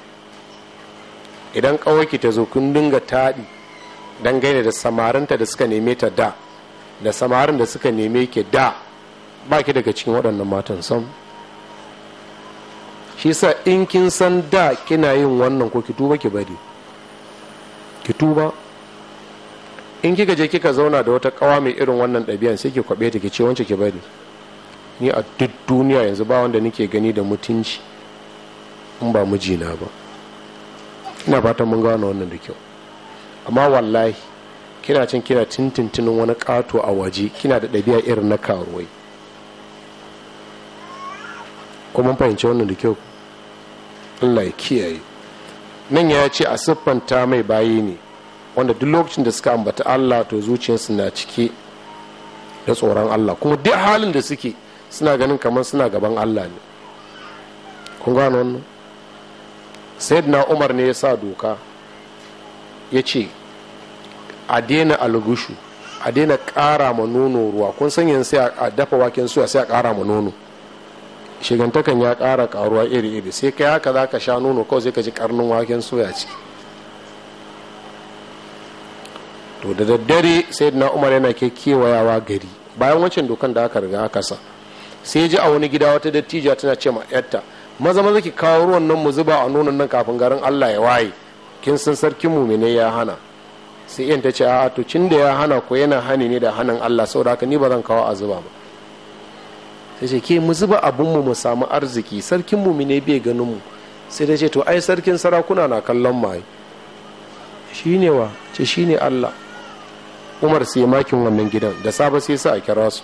idan ƙawaki ta zo kun dinga taɗi don gaina da samarinta da suka neme ta da da samarin da suka neme ke da ba ki daga cikin waɗannan matan sam shi sa in kin san da kina yin wannan ko ki tuba ki bari ki tuba in kika je kika zauna da wata kawa mai irin wannan ɗabi'an sai ki kwabe ta ki ce wance ki bari ni a duk duniya yanzu ba wanda nake gani da mutunci in ba mijina ba ina fatan mun gano wannan da kyau amma wallahi kina cin kina tintintinin wani kato a waje kina da ɗabi'a irin na karuwai ko fahimci wannan da kyau Allah ya kiyaye nan ya ce a siffanta mai bayi ne wanda duk lokacin da suka ambata Allah to zuciyarsu na cike da tsoron Allah kuma duk halin da suke suna ganin kamar suna gaban Allah ne kun gano wannan sayyidina Umar ne ya sa doka ya ce a daina algushu a daina ƙara ma nono ruwa kun san yanzu sai a dafa waken suya sai a ƙara ma nono shigantakan ya ƙara ƙaruwa iri-iri sai kai haka za ka sha nono kawai sai ka ji karnin waken suya ciki to da daddare sai na umar yana ke kewayawa gari bayan wancan dokan da aka riga aka sa sai ji a wani gida wata dattija tana ce ma yarta maza maza ki kawo ruwan nan mu zuba a nonon nan kafin garin allah ya waye kin san sarkin mumine ya hana sai yan ta ce a to cin da ya hana ko yana hani ne da hanan allah saboda haka ni ba zan kawo a zuba ba sai ce ke mu zuba abun mu mu samu arziki sarkin mumine bai ganin mu sai ta ce to ai sarkin sarakuna na kallon mai shine wa ce shine allah umar sai makin wannan gidan da safe sai sa a kira su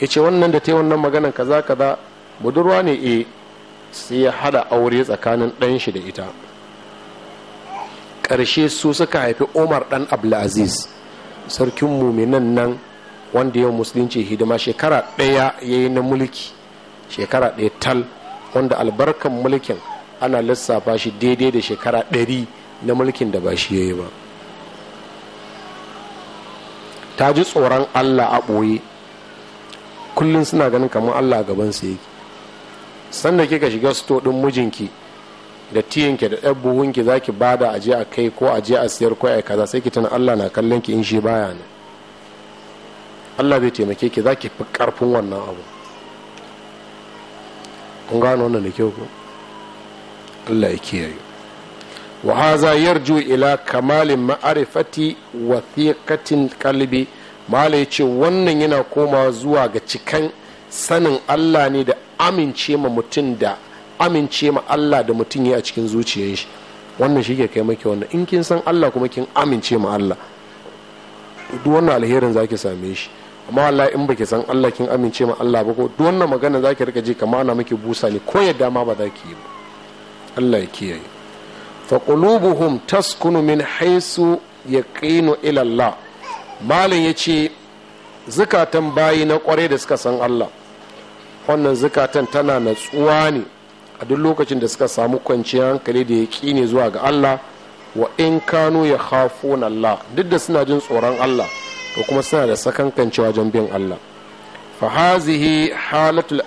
ya ce wannan da ta yi wannan maganan kaza kaza budurwa ne e sai ya hada aure tsakanin ɗan shi da ita ƙarshe su suka haifi umar ɗan abdulaziz sarkin muminan nan wanda yau musulunci hidima shekara ɗaya ya yi na mulki shekara ɗaya tal wanda albarkan mulkin ana lissafa shi daidai da shekara ɗari na mulkin da ba shi ya yi ba ta ji tsoron allah a ɓoye kullum suna ganin kamar allah gaban su yake sanda kika shiga sito ɗin mijinki da tiyanki da ɗan buhunki za ki bada a je a kai ko a je a siyar ko a kaza sai ki tana allah na kallon ki in shi baya ne allah bai taimake ki za ki fi ƙarfin wannan abu kun gano wannan da kyau ko allah ya kiyaye wa يرجو الى كمال معرفه ma'arifati القلب thiqatin qalbi ce wannan yana koma zuwa ga cikan sanin Allah ne da amince ma mutum da amince ma Allah da mutum ya a cikin zuciyar shi wannan shi ke kai maki wannan in kin san Allah kuma kin amince ma Allah duk wannan alherin zaki same shi amma Allah in baki san Allah kin amince ma Allah ba ko duk wannan magana zaki rika ji kamar ana miki busa ne ko yadda ma ba zaki yi ba Allah ya kiyaye fa qulubuhum taskunu min haisu yaqinu ila Allah malam yace zukatan bayi na kware da suka san Allah wannan zukatan tana natsuwa ne a duk lokacin da suka samu kwanciyar hankali da ya yaqini zuwa ga Allah wa in kanu ya khafuna Allah duk da suna jin tsoron Allah to kuma suna da sakankancewa wajen bin Allah fa hazihi halatul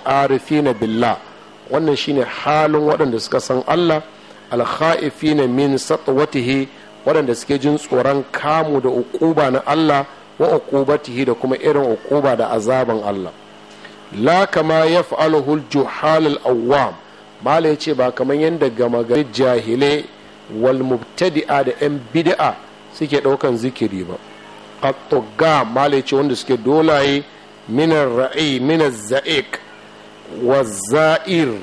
na billah wannan shine halin waɗanda suka san Allah alkha'ifina min satwatihi waɗanda suke jin tsoron kamu da ukuba na Allah wa uqubatihi da kuma irin ukuba da azaban Allah la kama yaf'aluhu al-juhal al-awwam mala yace ba kaman yanda gama gari jahile wal mubtadi'a da yan bid'a suke ɗaukan zikiri ba at mala yace wanda suke dolaye ar ra'i az za'iq wa za'ir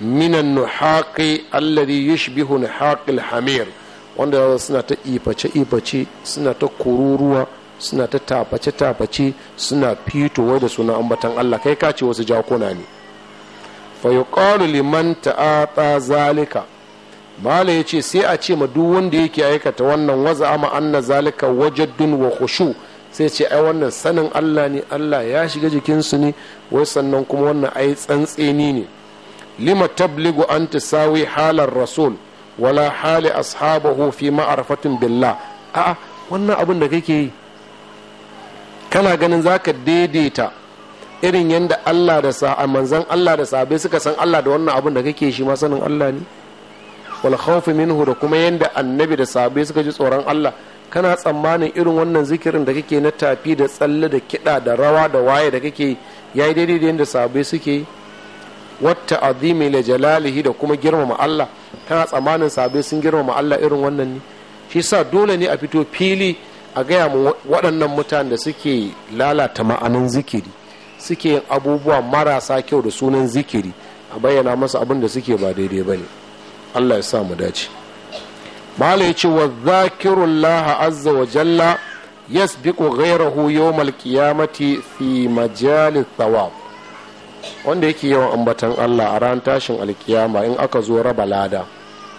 minan nuhaqi alladhi yushbihu nuhaqil hamir wanda suna ta iface iface suna ta kururuwa suna ta taface taface suna fitowa da suna ambatan Allah kai ka ce wasu jakuna ne fa yuqalu liman ta'ata zalika mala ya ce sai a ce ma duk wanda yake aikata wannan waza ama anna zalika wajaddun wa khushu' sai ce ai wannan sanin Allah ne Allah ya shiga jikinsu ne wai sannan kuma wannan ai tsantseni ne lima tabligu an tasawi halar rasul wala hali ashabahu fi ma'arfatin billah a'a wannan abin da kake yi kana ganin zaka daidaita irin yadda Allah da sa manzan Allah da sahabbai suka san Allah da wannan abin da kake shi ma sanin Allah ne wal khawfi minhu da kuma yadda annabi da sahabbai suka ji tsoron Allah kana tsammanin irin wannan zikirin da kake na tafi da tsalle da kiɗa da rawa da waye da kake yayi daidai da yadda sahabbai suke yi wata azimi la jalalihi da kuma girmama Allah tana tsamanin sabai sun girmama Allah irin wannan ne shi sa dole ne a fito fili a gaya mu waɗannan mutanen da suke lalata ma'anin zikiri suke yin abubuwa marasa kyau da sunan zikiri a bayyana masa abin da suke ba daidai ba ne Allah ya sa mu dace malai ya ce wa zakirullaha azza wa jalla yasbiqu ghayrahu yawmal qiyamati fi majalis thawab wanda yake yawan ambatan Allah a ran tashin alkiyama in aka zo raba lada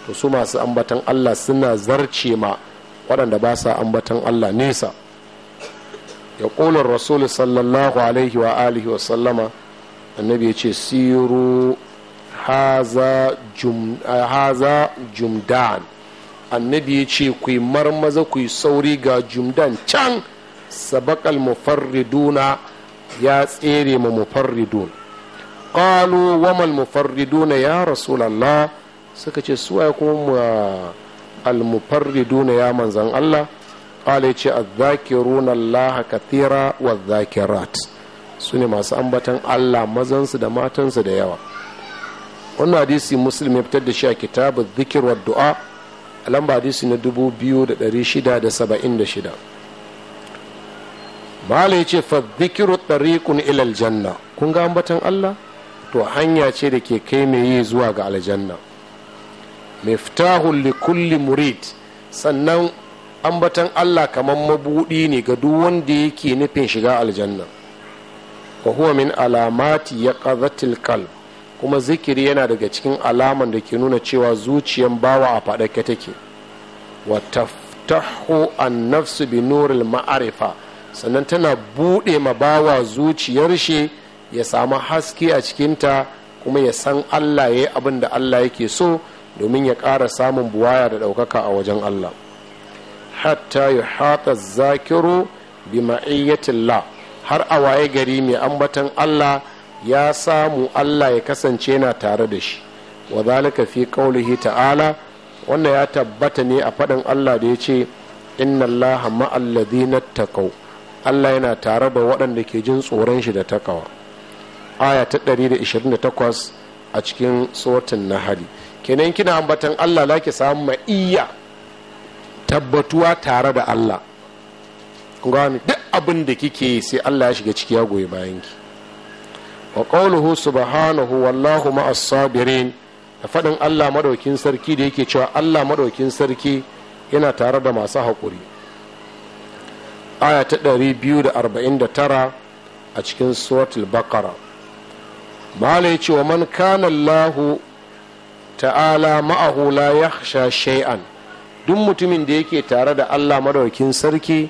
to su masu ambatan Allah suna zarce ma waɗanda ba sa ambatan Allah nesa ya ƙolar rasul sallallahu alaihi wa alihi wa sallama annabi ya ce siru haza jumdan annabi ya ce ku marmaza ku sauri ga jumdan can sabakal mufarriduna ya tsere ma mufarridun qalu wa mal mufarriduna ya rasulallah suka ce su ai kuma al mufarriduna ya manzan Allah qala ce adh-dhakiruna Allah kathira wa dhakirat su ne masu ambatan Allah mazansu da matansu da yawa wannan hadisi muslim ya fitar da shi a kitabu dhikr wa du'a a lamba hadisi na 2676 mala ya ce fa ɗari tariqun ilal janna kun ga ambatan Allah to hanya ce da ke kai mai yi zuwa ga aljanna miftahul li kulli murid sannan ambatan allah kamar mabuɗi ne ga duk wanda yake nufin shiga aljanna wa huwa min alamati ya qazatil kuma zikiri yana daga cikin alaman da ke nuna cewa zuciyan bawa a faɗake take wa taftahu an nafsu bi nuril ma'arifa sannan tana buɗe ma bawa zuciyar shi ya samu haske a cikinta kuma ya san allah ya yi abin da allah yake so domin ya ƙara samun buwaya da ɗaukaka a wajen allah hatta ya hata zakiru bi ma'iyyatillah har a waye gari mai ambatan allah ya samu allah ya kasance na tare da shi wa zalika fi qaulihi ta'ala wanda ya tabbata ne a faɗin allah da ya ce inna allaha ma'alladhina takau allah yana tare da waɗanda ke jin tsoron shi da takawa aya ta 128 a cikin na hari kenan kina ambatan allah na samu samu maiya tabbatuwa tare da allah gani duk abin da kike sai allah ya shiga ciki ya goyi bayan ki wa qawluhu subhanahu wallahu ma'as sabirin da faɗin allah madaukin sarki da yake cewa allah madaukin sarki yana tare da masu haƙuri aya ta 249 a cikin suratul baqara mahala ya ce wa man kana Allahu ta'ala ma'ahu la yakhsha shay'an duk mutumin da yake tare da Allah madaukin sarki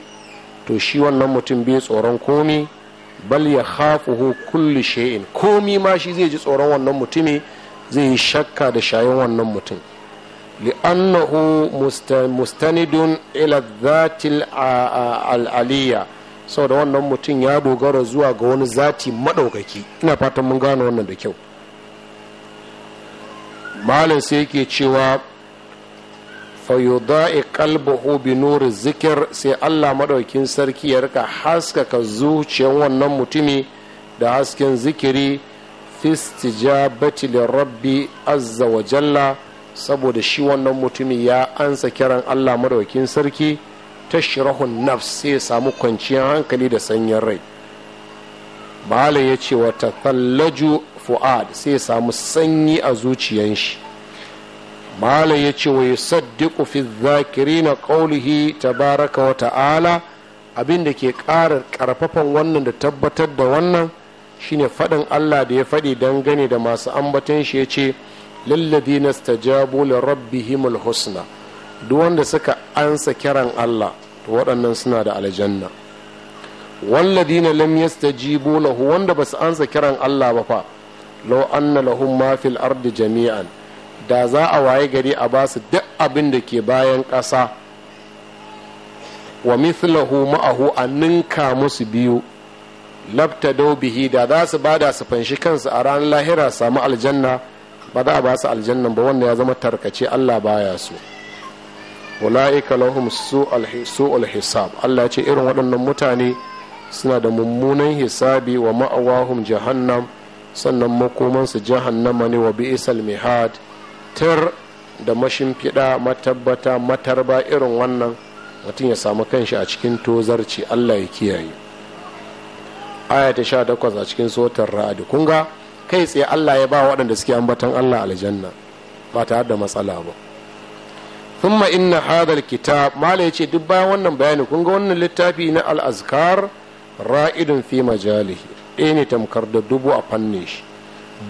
to shi wannan mutum bai tsoron komi bal ya khafuhu kulli shay'in komi ma shi zai ji tsoron wannan mutumi zai yi shakka da shayin wannan mutum li'annahu mustanidun ila dhatil al'aliyya saboda wannan mutum ya dogara zuwa ga wani zati maɗaukaki ina fatan mun gane wannan da kyau malam sai yake cewa fayuda'i qalbahu bi nuri zikir sai Allah maɗaukin sarki ya rika haskaka zuciyar wannan mutumi da hasken zikiri fistija istijabati rabbi azza wa jalla saboda shi wannan mutumi ya ansa kiran Allah maɗaukin sarki tashrahun nafs sai ya samu kwanciyar hankali da sanyin rai malam ya ce wa tathallaju fu'ad sai ya samu sanyi a zuciyan shi malam ya ce wa yusaddiqu fi na qawlihi tabaraka wa ta'ala abin da ke ƙara ƙarfafan wannan da tabbatar da wannan shine faɗin Allah da ya faɗi dangane da masu ambaton shi ya ce na stajabu li rabbihimul husna duk wanda suka ansa kiran Allah to waɗannan suna da aljanna walladina lam yastajibu lahu wanda basu ansa kiran Allah ba fa law anna lahum ma fil ardi jami'an da za a waye gari a basu duk abin da ke bayan ƙasa wa mithlahu ma'ahu a ninka musu biyu labta bihi da za su bada su fanshi kansu a ranar lahira samu aljanna ba za a ba su aljannan ba wanda ya zama tarkace Allah baya so ula'ika lahum su'ul hisab Allah ya ce irin waɗannan mutane suna da mummunan hisabi wa ma'awahum jahannam sannan makomansu jahannama ne wa bi'isal mihad tir da mashimfiɗa matabbata matarba irin wannan mutum ya samu kanshi a cikin tozarci Allah ya kiyaye aya ta sha takwas a cikin sotar ra'adi kunga kai tsaye Allah ya ba waɗanda suke ambatan Allah aljanna ba tare da matsala ba thumma inna hadal kitab mala yace duk bayan wannan bayani kun ga wannan littafi na al-azkar ra'idun fi majalihi ɗaya tamkar da dubu a fanne shi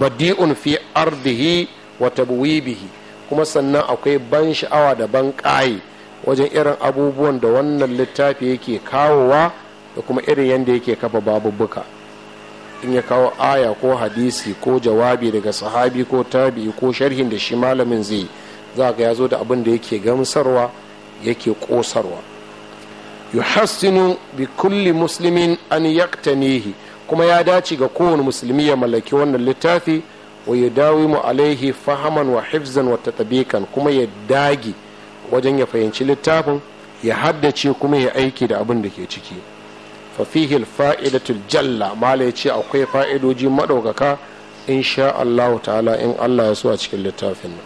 badi'un fi ardihi wa tabwibihi kuma sannan akwai ban sha'awa da ban ƙaye wajen irin abubuwan da wannan littafi yake kawowa da kuma irin yadda yake kafa babubuka in ya kawo aya ko hadisi ko jawabi daga sahabi ko tabi'i ko sharhin da shi malamin zai yi za ga ya zo da abin da yake gamsarwa yake kosarwa yuhassinu bi kulli muslimin an yaktanihi kuma ya dace ga kowane musulmi ya mallaki wannan littafi wa ya dawi mu alaihi fahaman wa hifzan wa tatabikan kuma ya dage wajen ya fahimci littafin ya haddace kuma ya aiki da abin da ke ciki fafihil fa'idatul jalla mala ya ce akwai fa'idoji maɗaukaka insha Allah ta'ala in Allah ya so a cikin littafin nan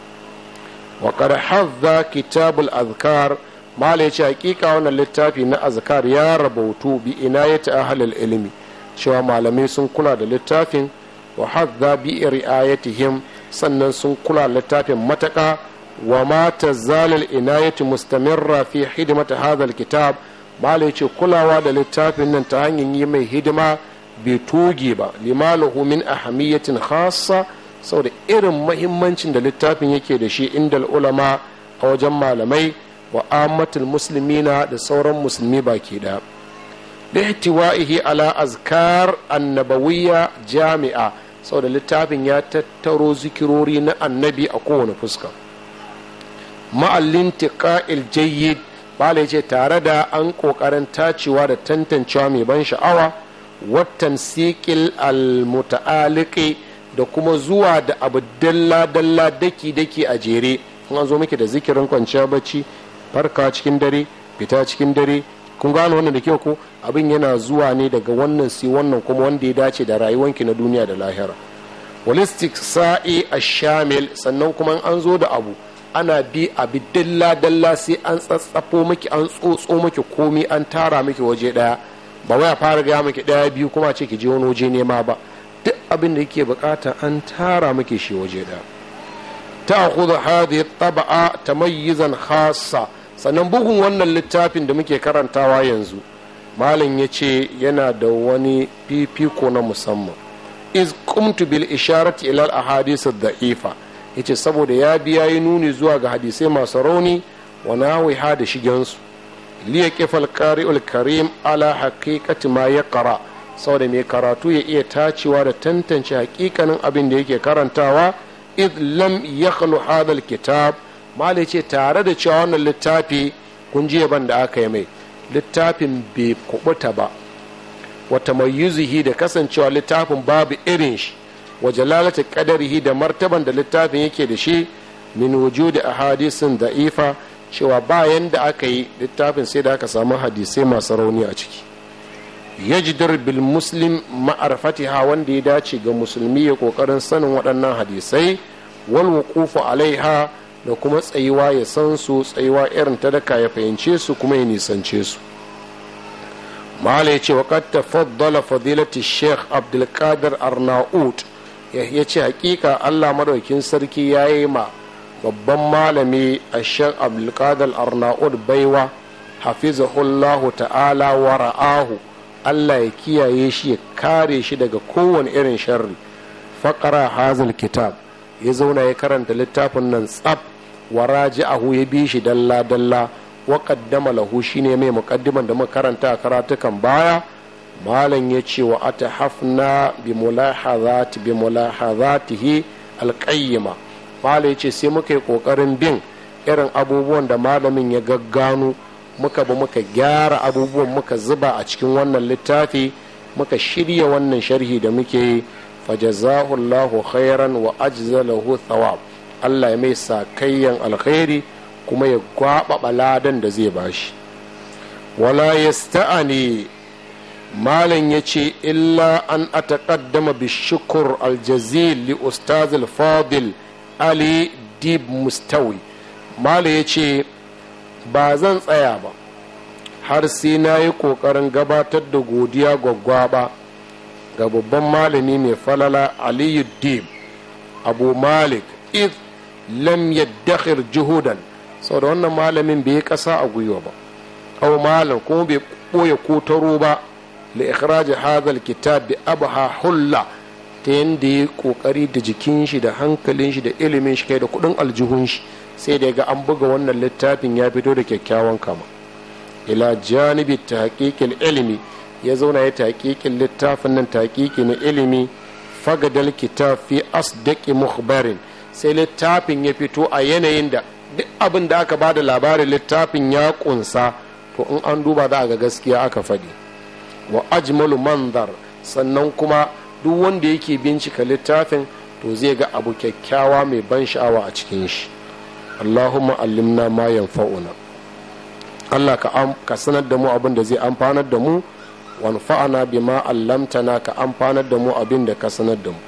wa qad kitabul azkar mala yace hakika wannan littafi na azkar ya rabautu bi inayati ahlil ilimi cewa malamai sun kula da littafin wa hadda bi riayatihim sannan sun kula da littafin mataka wa ma tazalal inayati mustamirra fi hidimata hadha kitab mala kulawa da littafin nan ta hanyar yi mai hidima bai toge ba limalahu min ahamiyatin khassa saboda irin mahimmancin da littafin yake da shi inda ulama a wajen malamai wa ammatul muslimina da sauran musulmi baki da lihtiwa'ihi ala azkar annabawiyya jami'a saboda littafin ya tattaro zikirori na annabi a kowane fuska ma'allin tiqa'il jayyid bala ce tare da an kokarin tacewa da tantancewa mai ban sha'awa watan sikil al mutaaliki da kuma zuwa da abu dalla dalla daki daki a jere kuma an zo muke da zikirin kwanciya bacci farka cikin dare fita cikin dare kun gano wannan da kyau ko abin yana zuwa ne daga wannan si wannan kuma wanda ya dace da rayuwanki na duniya da lahira holistic sa'i a shamil sannan kuma an zo da abu ana bi abu dalla dalla sai an tsatsafo miki an tsotso miki komi an tara miki waje daya ba wai a fara gaya miki daya biyu kuma ce ki je wani waje nema ba duk abin da yake bukata an tara muke shi waje da ta kudu hadi taba'a ta mayyizan hasa. sannan bugun wannan littafin da muke karantawa yanzu malam ya ce yana da wani fifiko na musamman iz kumtu bil isharati ilal ahadith da'ifa yace saboda ya biya yi nuni zuwa ga hadisai masu rauni wa nawiha da shigensu liya kifal qari'ul karim ala haqiqati ma ya yaqra' sau da mai karatu ya iya tacewa da tantance hakikanin abin da yake karantawa id lam hadal kitab malai ce tare da cewa wannan littafi kun ji ban da aka yi mai littafin bai kubuta ba wata mai da kasancewa littafin babu irin shi wa jalalata qadarihi da martaban da littafin yake da shi min wujudi ahadisin da'ifa cewa bayan da aka yi littafin sai da aka samu hadisai masu rauni a ciki yajidar bil muslim ma'arfatiha wanda ya dace ga musulmi ya kokarin sanin waɗannan hadisai wal wuqufu alaiha da kuma tsayuwa ya san su tsayuwa irin ta daka ya fahimce su kuma ya nisance su mala ya ce wa qad tafaddala fadilati sheikh abdulkadir arnaud ya ce hakika allah madaukin sarki ya yi ma babban malami a sheikh abdulkadir arnaud baiwa hafizahullahu ta'ala wa ra'ahu allah ya kiyaye shi ya kare shi daga kowane irin sharri faƙara hazal kitab ya zauna ya karanta littafin nan tsab wa ahu ya bi shi dalla dalla wa qaddama lahu ne mai muƙaddiman da muka karanta a karatukan baya malam ya ce wa hafna bi mulahazati bi mulahazatihi alqayyima malam ya ce sai muka yi ƙoƙarin bin irin abubuwan da malamin ya gaggano muka bi muka gyara abubuwan muka zuba a cikin wannan littafi muka shirya wannan sharhi da muke yi fajazahullahu khairan wa ajzalahu thawab Allah ya mai sakayyan alkhairi kuma ya gwaba baladan da zai bashi wala yasta'ani malam ya ce illa an ataqaddama bi shukur aljazil li ustaz fadil ali dib mustawi malam ya ce ba zan tsaya ba har sai na yi ƙoƙarin gabatar da godiya ba ga babban malami mai falala aliyu dim abu malik if lam yaddakhir juhudan sau da wannan malamin bai yi ƙasa a gwiwa ba au malam kuma bai ɓoye kotaro ba li ikhraji hadhal kitab bi abha hulla ta yanda ya kokari da jikin shi da hankalin shi da ilimin shi kai da kuɗin aljihun shi sai da ga an buga wannan littafin ya fito da kyakkyawan kama ila janibi hakikin ilimi ya zauna ya hakikin littafin nan ta na ilimi fagadal kitab fi asdaqi mukhbarin sai littafin ya fito a yanayin da duk abin da aka bada labarin littafin ya kunsa to in an duba za ga gaskiya aka faɗi wa ajmalu manzar sannan kuma duk wanda yake bincika littafin to zai ga abu kyakkyawa mai ban sha'awa a cikin shi allahumma allimna ma yanfa'una allah ka sanar da mu abin da zai amfanar da mu wanfa'ana bima allamtana ka amfanar da mu abin da ka sanar da mu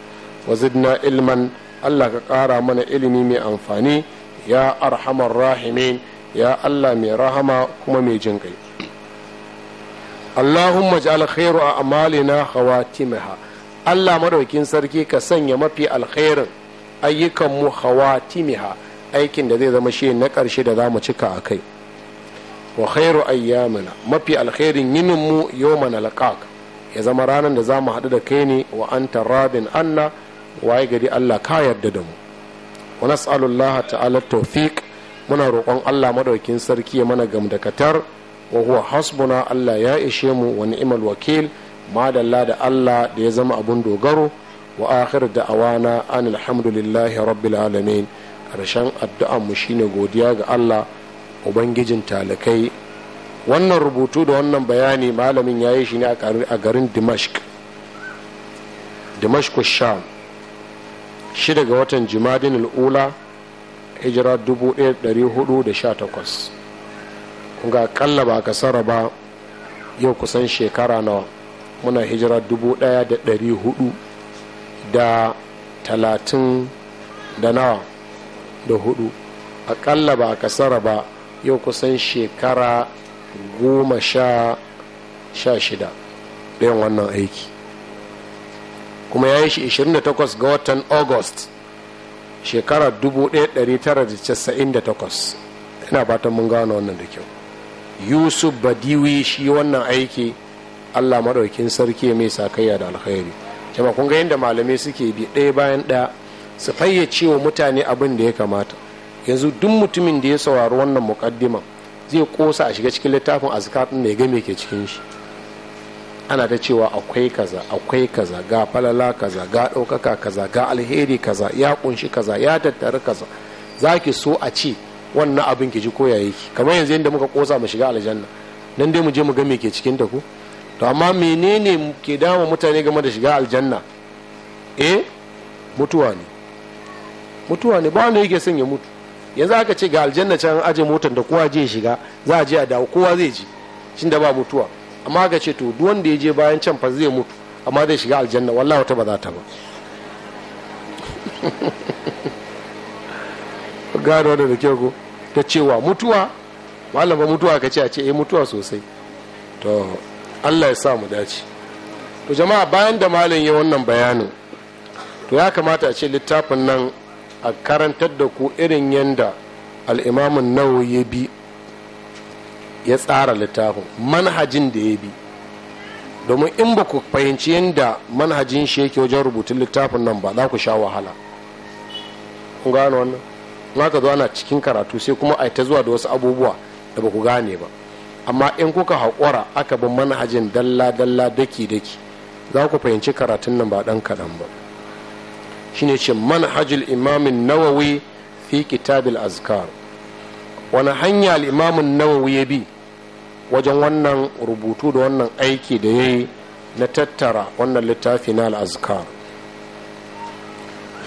wazidna ilman allah ka ƙara mana ilimi mai amfani ya arhamar rahimin ya allah mai rahama kuma mai jin kai allahumma ji alkhairu a amalina Hawa Timiha allah madaukin sarki ka sanya mafi alkhairin ayyukanmu Hawa Timiha. aikin da zai zama shi na ƙarshe da za mu cika a kai wa khairu ayyamina mafi alkhairin yinin mu yawman alqaq ya zama ranar da za mu haɗu da kai ne wa anta radin anna waye gari Allah ka yarda da mu wa nas'alullaha ta'ala tawfiq muna roƙon Allah madaukin sarki ya mana gamdakatar wa huwa hasbuna Allah ya ishe mu wa ni'mal wakil madalla da Allah da ya zama abun dogaro wa akhir da'awana an alhamdulillahi rabbil alamin ƙarshen addu'anmu shine godiya ga allah ubangijin talakai wannan rubutu da wannan bayani malamin ya yi shi ne a garin dimashq dimashq sham shi daga watan jimadin al'ula hijira 1418 ga kalla ba sara ba yau kusan shekara nawa muna hijira 1400 da talatin da nawa da hudu aƙalla ba a kasara ba yau kusan shekara goma sha sha shida da yin wannan aiki kuma ya yi shi 28 ga watan august shekara 1998 ina bata mun gano wannan da kyau yusuf badiwi shi wannan aiki allah maɗaukin sarki mai sakayya da alkhairi jama'a kun ga yadda malamai suke bi ɗaya bayan ɗaya su fayyace wa mutane abin da ya kamata yanzu duk mutumin da ya saurari wannan mukaddima zai kosa a shiga cikin littafin azkar da ya game ke cikin shi ana ta cewa akwai kaza akwai kaza ga falala kaza ga ɗaukaka kaza ga alheri kaza ya kunshi kaza ya tattara kaza za ki so a ce wannan abin ki ji koya yake kamar yanzu yadda muka kosa mu shiga aljanna nan dai mu je mu ga me ke cikin ta ku to amma menene ke dama mutane game da shiga aljanna eh mutuwa ne mutuwa ne ba wanda yake son ya mutu yanzu aka ce ga aljanna can aje motar da kowa je shiga za a je a dawo kowa zai ji shin da ba mutuwa amma aka ce to duk wanda ya je bayan can fa zai mutu amma zai shiga aljanna wallahi wata ba za ta ba gano da da kyau ta cewa mutuwa malam ba mutuwa ka ce a ce eh mutuwa sosai to Allah ya sa mu dace to jama'a bayan da malam ya wannan bayanin to ya kamata a ce littafin nan a karantar da ku irin yanda al'imamin nawa ya bi ya tsara littafin manhajin da ya bi domin in ba ku fahimci yadda manhajin shi yake wajen rubutun littafin nan ba za ku sha wahala gano wannan na ka zo ana cikin karatu sai kuma a ta zuwa da wasu abubuwa da ba ku gane ba amma in kuka haƙura aka bi manhajin dalla-dalla daki-daki za ku fahimci karatun nan ba ɗan kaɗan ba shine ce manhajul imamin nawawi fi kitabil azkar wani hanya al'imamin nawawi ya bi wajen wannan rubutu da wannan aiki da ya yi na tattara wannan littafi na al'azkar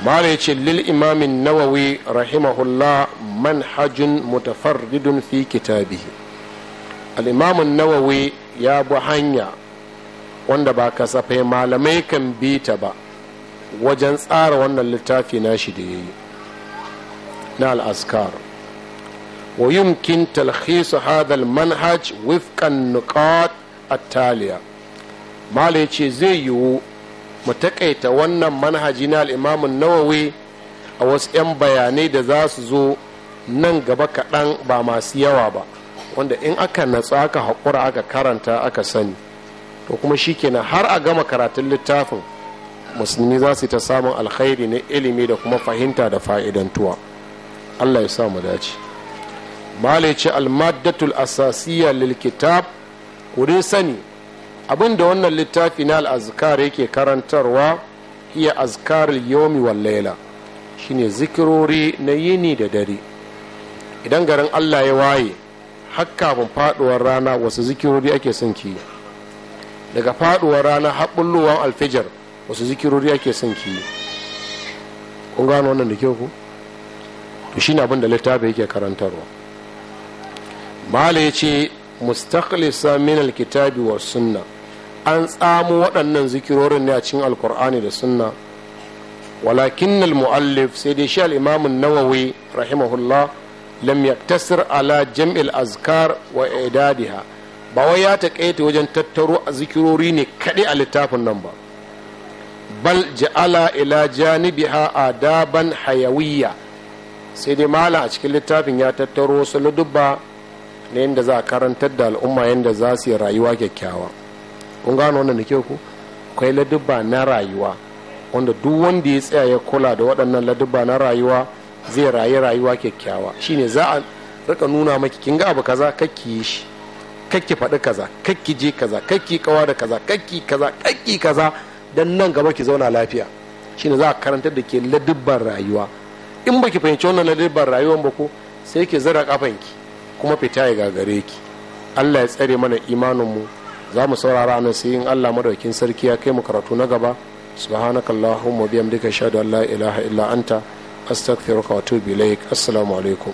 mara ya ce lil imamin nawawi rahimahullah manhajun mutafarridun fi kitabihi al'imamin nawawi ya bu hanya wanda ba kasafai malamai kan bi ta ba wajen tsara wannan littafi na shi da yayi na al'askar wa yumkin talhisu hadal manhaj wifkan nukat attaliya taliya ya ce zai yiwu mu taƙaita wannan manhaji na al'imamun nawawi a wasu 'yan bayanai da za su zo nan gaba kaɗan ba masu yawa ba wanda in aka natsu aka haƙura aka karanta aka sani to kuma shikenan har a gama karatun littafin musulmi za su ta samun alkhairi na ilimi da kuma fahimta da fa'idantuwa allah ya sa mu dace malice almaddatul asasiya lil lilkitab sani abin da wannan littafi na al'azkar yake karantarwa iya azkar yomi wallaila laila shine zikirori na yini da dare idan garin allah ya waye har kafin faduwar rana wasu zikirori ake son ki daga faɗuwar rana haɓulluwan alfijar wasu zikirori ake son ki yi kun gano wannan da kyau ku to shine abin da littafi yake karantarwa mala ya ce mustaqlisa min alkitabi wa sunna an tsamo waɗannan zikirorin ne a cikin alkur'ani da sunna walakin muallif sai dai shi al'imamin nawawi rahimahullah lam yaktasir ala jam'il azkar wa idadiha ba wai ya taƙaita wajen tattaro zikirori ne kaɗai a littafin nan ba bal ja'ala ila janibiha adaban hayawiyya sai dai malam a cikin littafin ya tattaro wasu ladubba na yadda za a karantar da al'umma yadda za su yi rayuwa kyakkyawa kun gano wannan nake ke ku akwai ladubba na rayuwa wanda duk wanda ya tsaya ya kula da waɗannan ladubba na rayuwa zai rayu rayuwa kyakkyawa shine za a rika nuna maki kin ga abu kaza kakki yi shi kakki faɗi kaza kakki je kaza kakki kawa da kaza kakki kaza kakki kaza don nan gaba ki zauna lafiya shine za a karantar da ke ladibban rayuwa in ba ki fahimci wannan ladibban rayuwan ba ko sai ki zara kafanki kuma fita ya gagare ki allah ya tsare mana imaninmu za mu saurara nan sai in allah madaukin sarki ya kai mu karatu na gaba subhanaka allahumma bihamdika ashhadu an la ilaha illa anta astaghfiruka wa atubu ilaik assalamu alaikum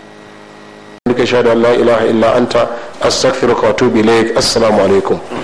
bihamdika ashhadu an la ilaha illa anta astaghfiruka wa atubu ilaik assalamu alaikum